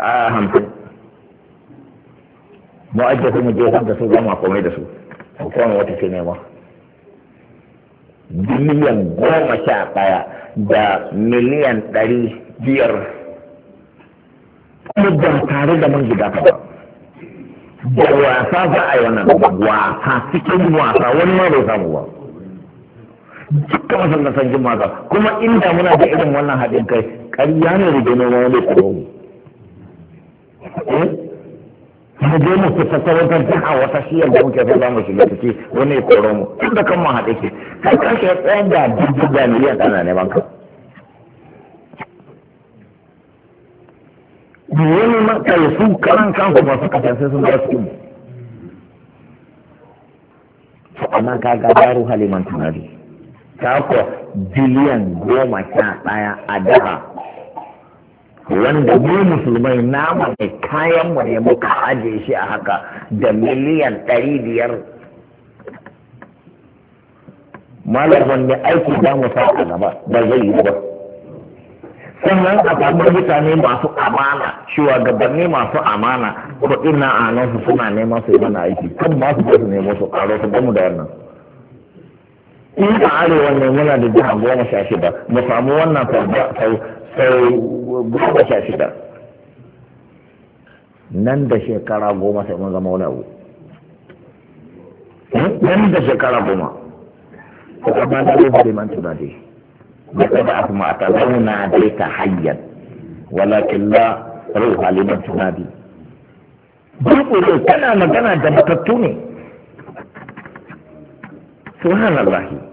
a hamsin mu ajiye su mu je da su zama komai da su hukumar wata ke nema biliyan goma sha ɗaya da miliyan ɗari biyar kuma ba tare da man gida ba da wasa za a yi wannan wasa cikin wasa wani ma bai samu ba duka masallatan wasa. kuma inda muna da irin wannan haɗin kai ƙarya ne da gano wani kuma mu je mu fita ta wajen jiha wata shiyar da muke so za mu shiga ciki wani ya koro mu tun da kan mu haɗe shi ka ya tsayar da dubu da miliyan ne neman ka. wani matsayi su karan ku masu sai sun ba su mu. amma ka ga baro haliman tunari ta ko biliyan goma sha ɗaya a daha wanda mu musulmai nama ne kayan mu ne muka aje shi a haka da miliyan ɗari biyar malam ne aiki za mu sa a gaba ba zai yi ba sannan a samu mutane masu amana shugabanni masu amana kuɗin na nan su suna neman su yi mana aiki kan masu su nemo su ƙaro su gamu da wannan in a arewa ne muna da jihar goma sha shida mu samu wannan goma sha shida nan da shekara goma sai mun zama wani abu hmm? nan da shekara goma ko kuma da lokacin man tunani da kada a kuma ta zauna dai ta hayyar walakin la ruha liman tunani babu ne tana magana da matattu ne subhanallahi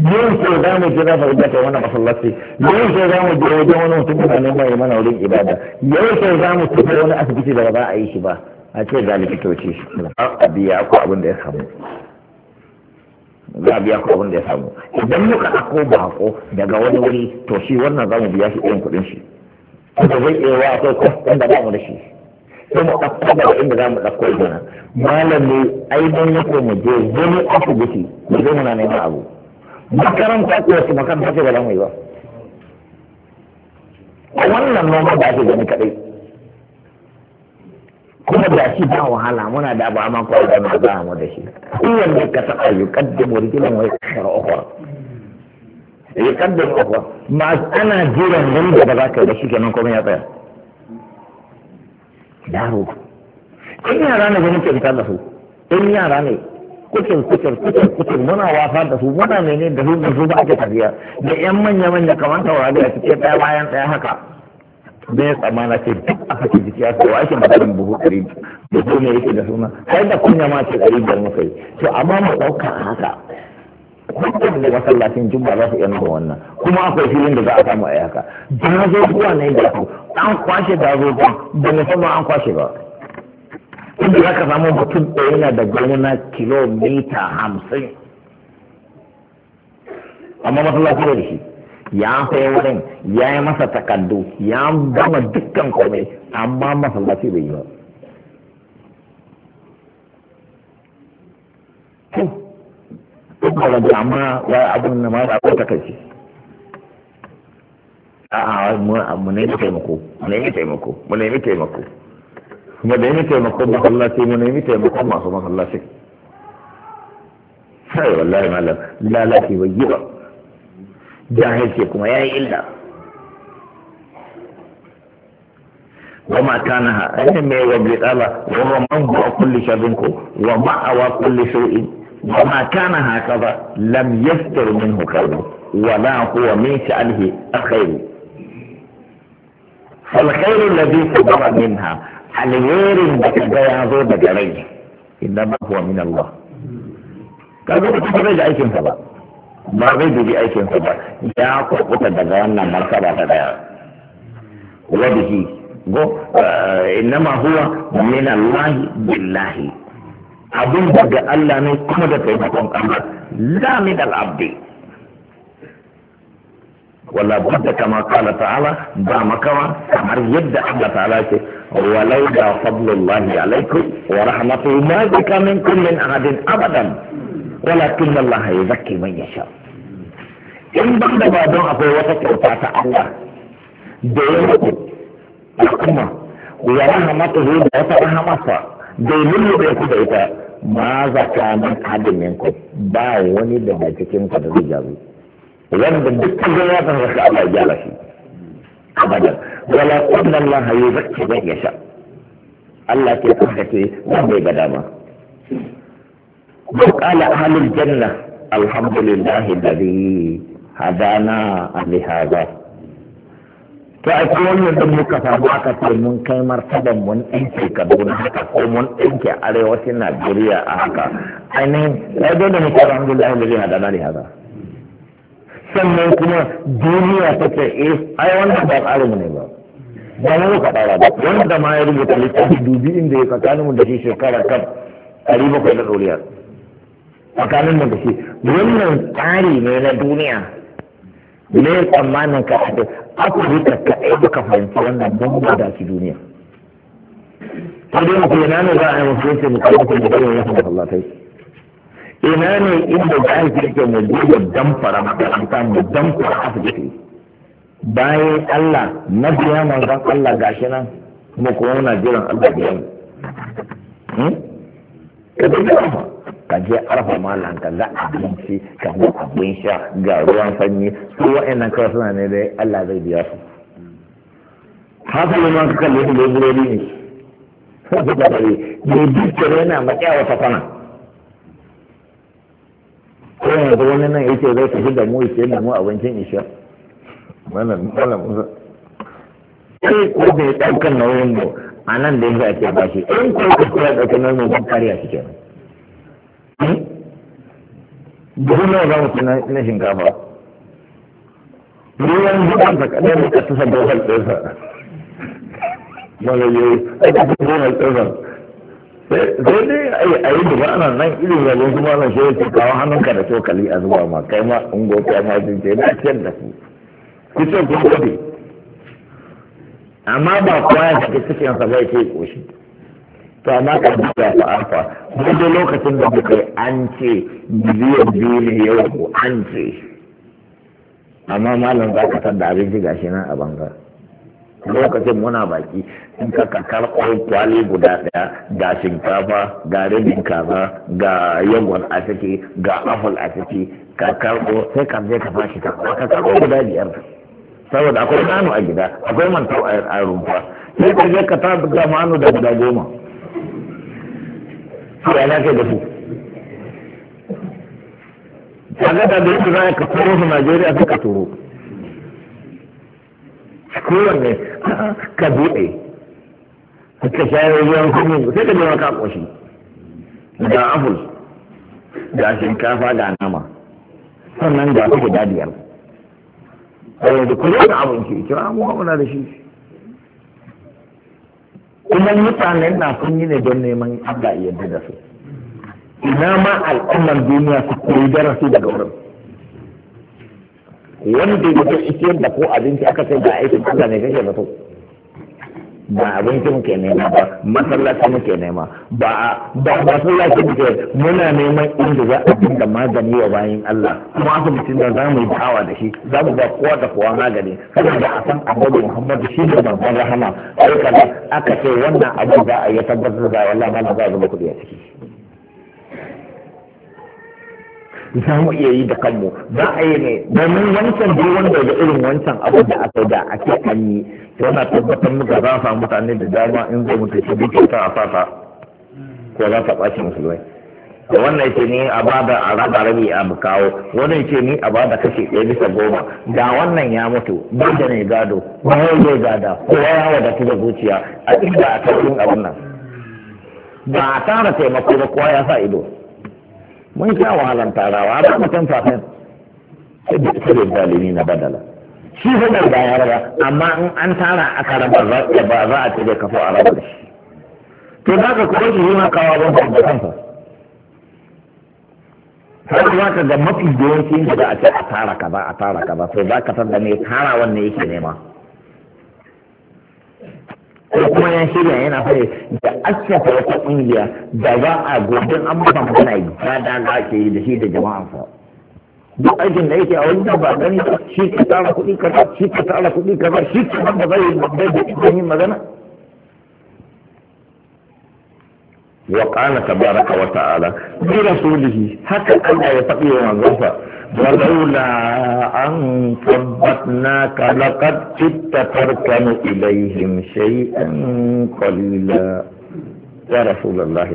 yau ko za mu jira da wajen wani masallaci yau ko za mu jira wajen wani mutum da neman ya mana wurin ibada yau ko za mu tafi wani asibiti da ba za a yi shi ba a ce ga likitoci a biya ko abin da ya samu za a biya ko abin da ya samu idan muka ɗauko bako daga wani wuri to shi wannan za mu biya shi irin kuɗin shi da zai iya wa akwai kwastan da ba mu da shi sai mu ɗauko daga inda za mu ɗauko ina malami ai don yake mu je wani asibiti mu je muna neman abu makaranta ko wasu makaranta ce ba mai mu yi ba wannan noma da ake gani kadai kuma da shi ba wahala muna da ba ma ko da mu ba mu da shi kowanne ka taɓa mai rijlan wa yakhra ukhra eh, yuqaddimu ukhra ma ana jiran nan da ba za ka da shi kenan komai ya tsaya yaro in yara ne ba muke fitar da su in yara ne kucin kucin kucin kucin muna wasa da su muna ne da su ba ake tafiya da yan manya manya kamar taurari a cikin daya bayan daya haka bai ya tsamana ce duk a jiki a kowa ake buhu ɗari da su ne yake da suna sai da kunya ma ce ɗari biyar muka to amma mu ɗauka a haka kuɗin da masallacin jumba za su iya nuna wannan kuma akwai filin da za a samu a yi haka da zo na yi da su an kwashe da zo ba da musamman an kwashe ba inda za ka samu mutum ɗaya yana da gwamna kilomita hamsin amma masallaci da shi ya sai wurin ya yi masa takardu ya gama dukkan kome amma masallaci bai yi ba Kuma da amma ya abin da ma da ko ta kai a'a mu ne taimako mu ne taimako mu ne taimako kuma da yi taimakon masallaci mu nemi taimakon masu masallaci sai wallahi malam lalace bai yi ba jahilce kuma ya yi illa وما كان علم وبقال وهو منبع كل شر ومأوى كل سوء وما كان هكذا لم يستر منه خير ولا هو من شأنه الخير فالخير الذي صدر منها alherin da ka ga ya zo daga rai inda ba kuwa min Allah ka zo ka bai da aikinsa ba ba zai aikin aikinsa ba ya kwakuta daga wannan martaba ta daya wa bihi go eh, innama huwa min Allah billahi abin daga Allah ne kuma da taimakon Allah la min al-abdi wala budda kama kala ta'ala ba makawa kamar yadda Allah ta'ala ce ولو دا فضل الله عليكم ورحمته ما بك منكم من أحد أبدا ولكن الله يزكي من يشاء in ban da ba don akwai wata kyauta ta Allah da ya mutu kuma wa rahmatuhu da wata rahmatsa da ya lulluɓe ku ita ma zaka min adamin ku ba wani da ba cikin ku da zai jaru wanda dukkan zai ya san zaka Allah ya shi abadan wala kulla Allah ya zaki da yasha Allah ke kake dan bai gada ba duk ala janna alhamdulillah alladhi hadana ali hada ta akwai ne da muka samu aka mun kai martaban mun in kaduna, ka don mun in ce arewa shi na Nigeria haka ai ne da dole mu karanta alhamdulillah alladhi hadana ali hada sannan kuma duniya ta ce eh ai wannan ba mu ne ba ba mu ka tsara ba wanda ma ya rubuta littafi dubi inda ya mu da shi shekara kan ɗari bakwai da ɗoriya tsakanin mu da shi wannan tsari ne na duniya ne tsammanin ka ta ka ɗaya baka fahimci wannan don ba da shi duniya ta dai mutu yana za a yi musulunci mu kalli kuma da yawan yasa Allah ta yi ina ne inda jahilci yake mu duba damfara makaranta mu damfara asibiti bayan Allah na biya manzan Allah gashi nan kuma kuma muna jiran Allah biya hmm? ka je arfa ka arfa malam ka ga abinci ka ga abin sha ga ruwan sanyi su wa'annan kawai suna ne dai Allah zai biya su haka ne man ka kalli ne da ne ne ne ne ne ne ne ne ne ta fana ko yanzu wani nan yake zai tafi da mu yake da mu abincin isha wannan wannan musa ko ko bai daukan nauyin mu a nan da yake ake bashi in ko ka kira daukan nauyin mu kan kariya shi kenan hmm? duhu nawa za mu ci na shinkafa ruwan zuban sa kadai ka tusa dokar tsosa malayoyi aka tusa dokar tsosa Eh, sai dai a yi dubana nan irin rabon kuma nan sai ya kawo hannunka da cokali a zuba ma kai ma in gobe ma jin ce na ciyar da ku ku ce ku gobe amma ba kowa ya saki cikin sa bai sai koshi to amma ka ya fa alfa duk lokacin da kuka an ce biliyan biyu ne yau ko an ce amma malam za ka san da abinci gashi nan a banga lokacin muna baki in ka kakar kwali guda daya ga shinkafa ga rabin kaza ga yagon a ciki ga aful a ciki ka karbo sai ka je ka fashi ka ka karbo guda biyar saboda akwai nanu a gida akwai manta a rumfa sai ka je ka ta da manu da guda goma sai na kai da su kaga da duk za ka turo su Najeriya sai ka turo kowanne ka buɗe ka shayar ruwan kuma sai ka je maka koshi ga apple ga shinkafa ga nama sannan ga su guda biyar yanzu kuma da abinci kira mu muna da shi kuma mutanen na sun yi ne don neman Allah ya yarda da su ina ma al'ummar duniya su koyi darasi daga wurin wanda ya ga ita da ko abinci aka sai da aikin Allah ne kake da to ba abinci muke nema ba masallaci muke nema ba ba masallaci muke muna neman inda za a dinga magani wa bayan Allah kuma asibitin da za mu yi dawa da shi za mu ba kowa da kowa magani kada da san annabi Muhammadu shi ne babban rahama sai aka ce wannan abin za a yi tabbatar da wallahi ma za a zuba kuɗi a ciki za mu iya yi da kanmu za a yi ne domin wancan duk wanda da irin wancan abu da aka da ake an yi na tabbatar muka za a samu mutane da dama in zai mutu tafi duk ta a fata ko za ta bace musulmai da wannan ce ni a ba da a rabi a kawo wannan ce ni a ba da kashe ɗaya bisa goma da wannan ya mutu ba da ne gado ba zai gada kowa ya wadatu da zuciya a inda a karfin abin nan ba a tara taimako ba kowa ya sa ido mun sha wahalan tarawa ba san safin sai da da dalili na badala shi hudar da ya raba amma in an tara aka raba ba za a ce da kafo a raba da shi to za ka kuma shi ma kawo ban da kansa har za ka ga mafi yawanci da za a ce a tara kaza a tara kaza sai za ka san da ne tara wannan yake nema ko kuma ya shirya yana fari da asyafa wata kungiya da za a gobe an masa magana ya da za ke yi da shi da jama'a jama'ansa duk aikin da yake a wani da ba gani shi ka tara kuɗi kaza shi ka tara kuɗi kaza shi ka ba zai yi da yin magana wa qala tabaraka wa ta'ala bi rasulihi haka Allah ya faɗi wa manzon ولولا أن ثبتناك لقد كدت تركن إليهم شيئا قليلا يا رسول الله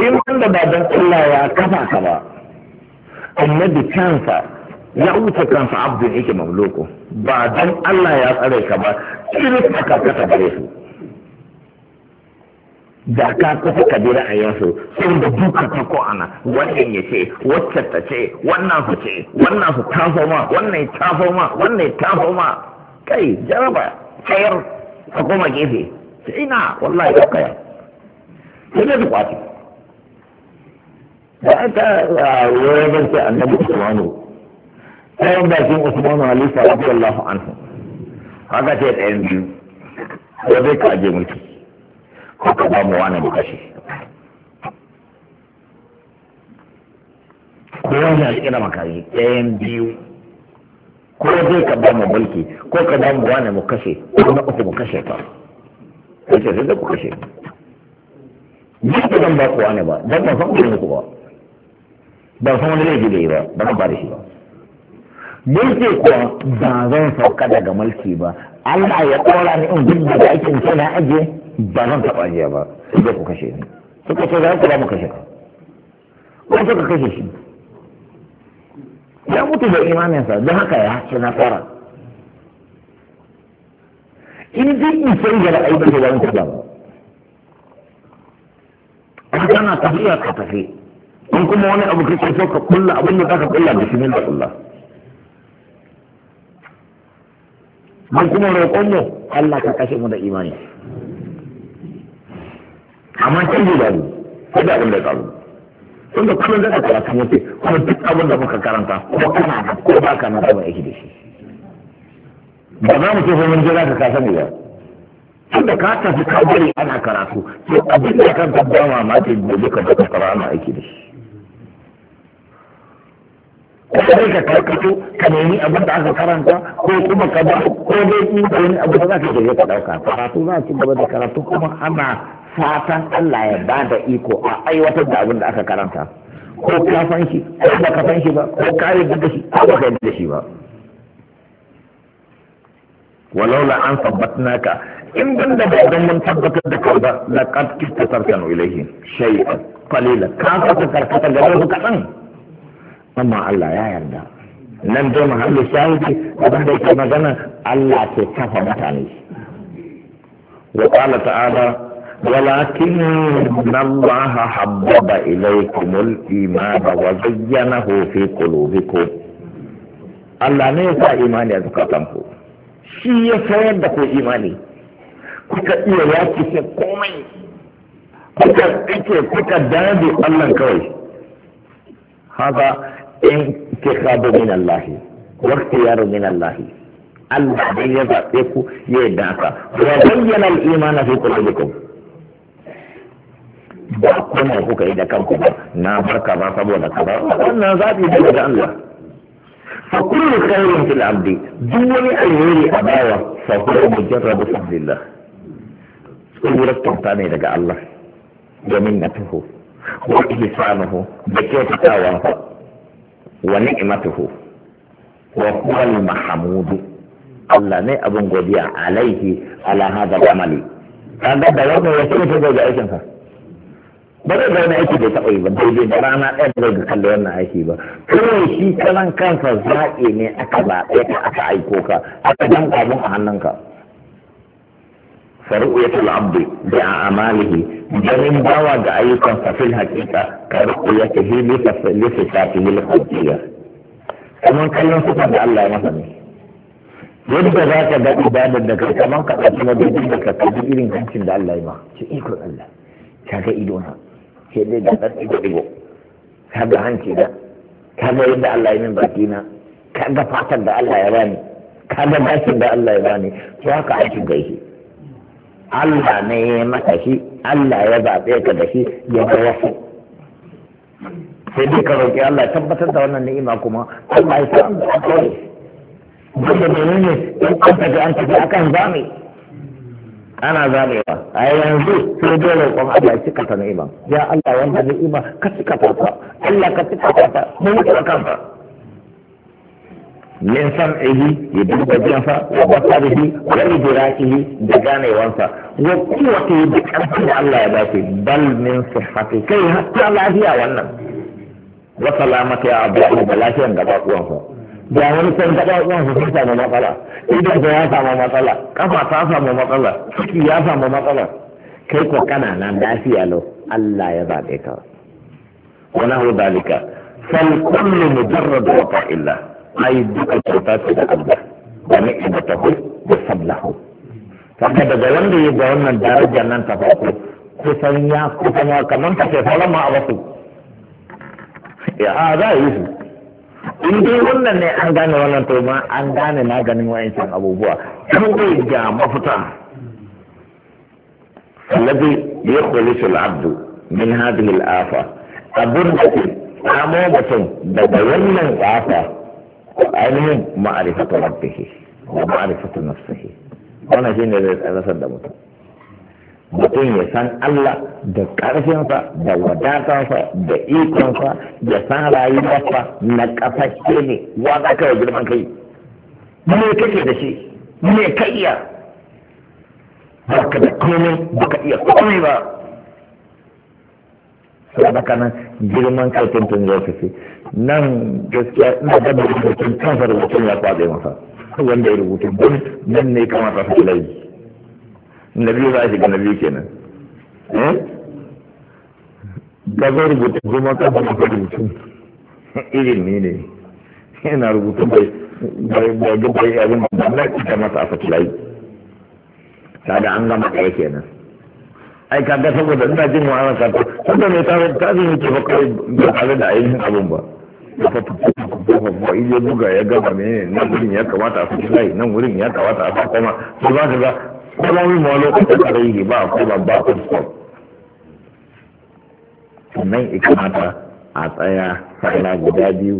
إن كنت بعد الله يا كفا كفا النبي بكانسا يا أوتا كانسا عبد yake مملوكو بعد dan Allah ya tsare ka ba irin ka ka da ka kusa ka bi ra'ayinsu sun da duka ta ko ana wannan ya ce wacce ta ce wannan su ce wannan su tafo ma wannan tafo ma wannan tafo ma kai jaraba tsayar ka koma gefe ina wallahi ya kaya sai da kwaci da aka wani zance annabi usmanu ɗayan bakin usmanu halifa radiyallahu anhu haka ce ɗayan biyu da ka kaje mulki ko ba mu wani mu kashe ko wani a cikin makari ɗayan biyu ko zai ka ba mu mulki ko ka ba mu wani mu kashe ko na uku mu kashe ka yace sai da ku kashe ni ba zan ba ku wani ba dan ba san ku ne ku ba ban san wani laifi da yi ba ba zan ba da shi ba mulki kuwa ba zan sauka daga mulki ba Allah ya kora ni in gudu da aikin sai na ajiye ba zan taɓa jiya ba sai ku kashe ni suka so za ku ba mu kashe ka wani suka kashe shi ya mutu da imaninsa don haka ya ce tsara in dai in sai da ra'ayi ba sai wani taɓa ba in kana tafiya ka tafi in kuma wani abu kake so ka kulla abin da zaka kulla da Allah mun kuma roƙon mu Allah ka kashe mu da imani amma canji babu ko da abin da ya karu da kullum zaka karatu yake kuma duk abin da muka karanta ko kana da ko ba kana da ba yake da shi ba za mu tafi mun jira ka ka sani ba tun da ka tafi ka bari ana karatu to abin da kan ka ma ke gobe ka ba ka karanta aiki da shi ko kai ka karkato ka nemi abin da aka karanta ko kuma ka ba ko dai in ka wani abu da za ka je ka dauka karatu za ci gaba da karatu kuma ana fatan Allah ya ba da iko a aiwatar da abin da aka karanta ko ka san shi ko ba ka san shi ba ko ka yi da shi ko ba ka yi da shi ba walaula an sabbatnaka in ban da dan mun tabbatar da kai ba laqad kitta tarkanu ilayhi shay'an qalila ka ka karkata gaba ku kadan amma Allah ya yarda nan dai muhalli sauki abin da yake magana Allah ke kafa mutane wa qala ta'ala ولكن الله حبب إليكم الإيمان وزينه في قلوبكم الله نيسا إيماني أزكى تنفو شيء سيدك إيماني كتا إيواتي سيقومي كتا إيكي كتا دادي الله كوي هذا intikhab min Allah wa ikhtiyar min Allah Allah dai ya zaɓe ku ya yadda haka wa bayyana al-iman fi qulubikum ba kuma kuka yi da kanku ba na barka ba saboda kaza wannan zaɓi ne daga Allah fa kullu khairin fil abdi duk wani alheri a bawa fa huwa mujarradu fadlillah tsohuwar kyauta ne daga Allah domin na tuho wa ihsanuhu da kyautatawa wa ni'matuhu wa huwa al-mahmud Allah ne abun godiya alaihi ala hada amali kaga da da wannan ya ce ga aikin sa ba zai ga wani aiki da ta ba daidai da rana ɗaya da ga kalli wannan aiki ba kawai shi kalan kansa zaɓe ne aka zaɓe ka aka aiko ka aka danka abun a hannunka فرؤية العبد بأعماله جميل دعوة أيضا ففي الحقيقة كرؤيته لصفاته الخلقية كمان كلمة صفة الله مثلا yadda za ka ga ibadar da kai kamar ka ɗauki madadin da ka kaji irin hancin da Allah ya ma ce ikon Allah ka ga ido na ke dai da ɗan ido ido ka ga hanci da ka ga yadda Allah ya min baki ka ga fatan da Allah ya bani ka ga bashin da Allah ya bani to haka aikin gaishe Allah ne ya maka shi Allah ya zaɓe ka da shi ya ga wasu sai dai ka roƙi Allah ya tabbatar da wannan ni'ima kuma Allah ya san da akwai duk da ne in an tafi an tafi akan zame ana zamewa a yanzu sai dai roƙon Allah ya cika ta ni'ima ya Allah wannan ni'ima ka cika ta Allah ka cika ta mun ka kanta min sam'ihi ya duba jinsa wa basarihi wa idra'ihi da ganewansa wa kuwati da karfin da Allah ya ba shi bal min sihhati kai hatta lafiya wannan wa salamati ya abu da lafiyan gaba uwansa da wani san gaba uwansa sun samu matsala idan ya samu matsala kafa ta samu matsala ciki ya samu matsala kai ko kana nan lafiya lau Allah ya zaɓe ka wa nahu dalika fal kullu mujarrad wa ta'illah ai duka kyauta ce da Allah da ni'imatahu da sallahu Kaka daga wanda ya ga wannan darajar nan ta farko kusan ya kusan ya kaman ta ce ma a wasu ya za a yi su in dai wannan ne an gane wannan to ma an gane ganin wayancin abubuwa zai ga mafita ya yukhlisu su abdu min hadhihi al-afa abun da ke samo mutum daga wannan afa ainihin ma'arifatu rabbihi wa ma'arifatu nafsihi wannan shine zai rasar da mutum mutum ya san Allah da ƙarfinsa da wadatarsa da ikonsa ya san rayuwarsa na ƙasashe ne wa za ka yi girman kai me kake da shi me ka iya ba ka da komai ba ka iya komai ba sadaka nan girman kai tuntun ya fi nan gaskiya ina da rubutun kansa rubutun ya kwaɗe masa wanda ya rubutu don nan ne kamata su kula yi na biyu za a shiga na biyu kenan ga zo rubutun kuma kansa na rubutun irin ne ne yana rubutun bai bai bai abin da na ita masa a fakilayi ta da an gama ɗaya kenan ai kaga saboda ina jin wa'ana ka ta saboda mai ta ta ji ne ba kai ba tare da ayyukan abun ba ya fa ba ya buga ya ba ne nan gurin ya kamata a fi layi nan gurin ya kamata a fi ba to za ka ga kalamin ma lokacin da yi ba ko ba ba ko sannan nan kamata a tsaya sallah guda biyu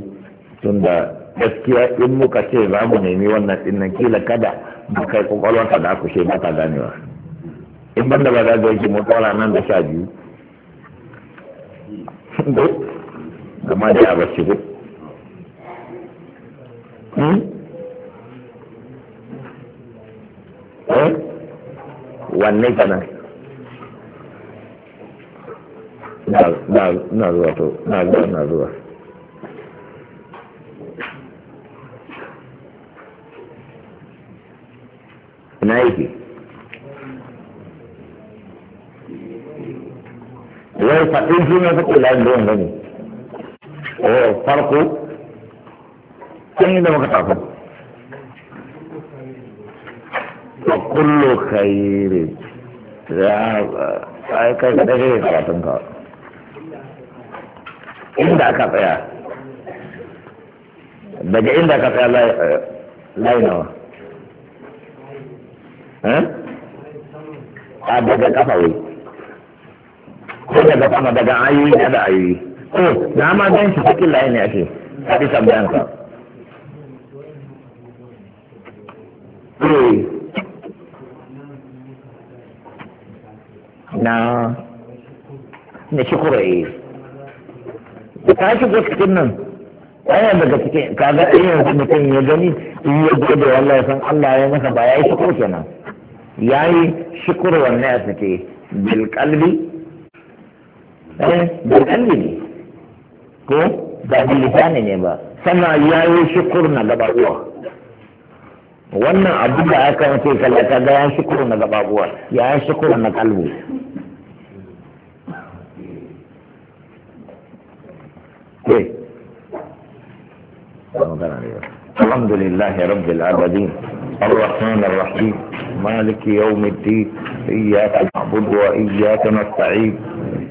tunda gaskiya in muka ce za mu nemi wannan dinnan kila kada mu kai kwakwalwarka da ku ce ba ta ganewa. in ban da ba za ga yake mutuwa nan da sha biyu amma da a bashi ko hmm? eh? wanne na zuwa to na zuwa na zuwa na yake wai faɗin sunan suke layin da wanda ne oh, farko kun yi da muka tafi wa kullu khairin ya ai kai ka dage karatun ka inda aka tsaya daga inda aka tsaya layi eh, nawa eh? a ah, daga kafa wai sai ga sama daga ayoyi ne da ayoyi to da ma dan shi cikin layi ne ake a bi bayan ka eh. na na shi kurai eh. ka shi ko cikin nan ɗaya daga cikin kaga ɗaya yanzu mutum ya gani ya gode wallahi san Allah ya masa ba ya yi shukur kenan ya yi shukur wannan ya sake bil kalbi eh da kalli ne ko ba da lisani ne ba sannan ya yi shukur na gabaruwa wannan abu da aka mace kallata ga ya shukuru na gababuwa ya yi shukuru na kalbu الحمد لله رب العالمين الرحمن الرحيم مالك يوم الدين إياك نعبد وإياك نستعين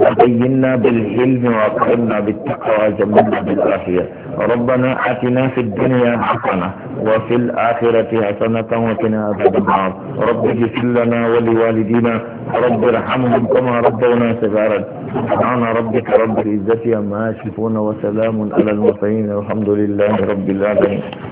وبينا بالعلم واكرمنا بالتقوى وجملنا بالعافيه ربنا اتنا في الدنيا حسنه وفي الاخره حسنه وقنا عذاب النار رب اغفر لنا ولوالدينا رب ارحمهم كما ربونا صغارا سبحان ربك رب العزه عما يصفون وسلام على المرسلين والحمد لله رب العالمين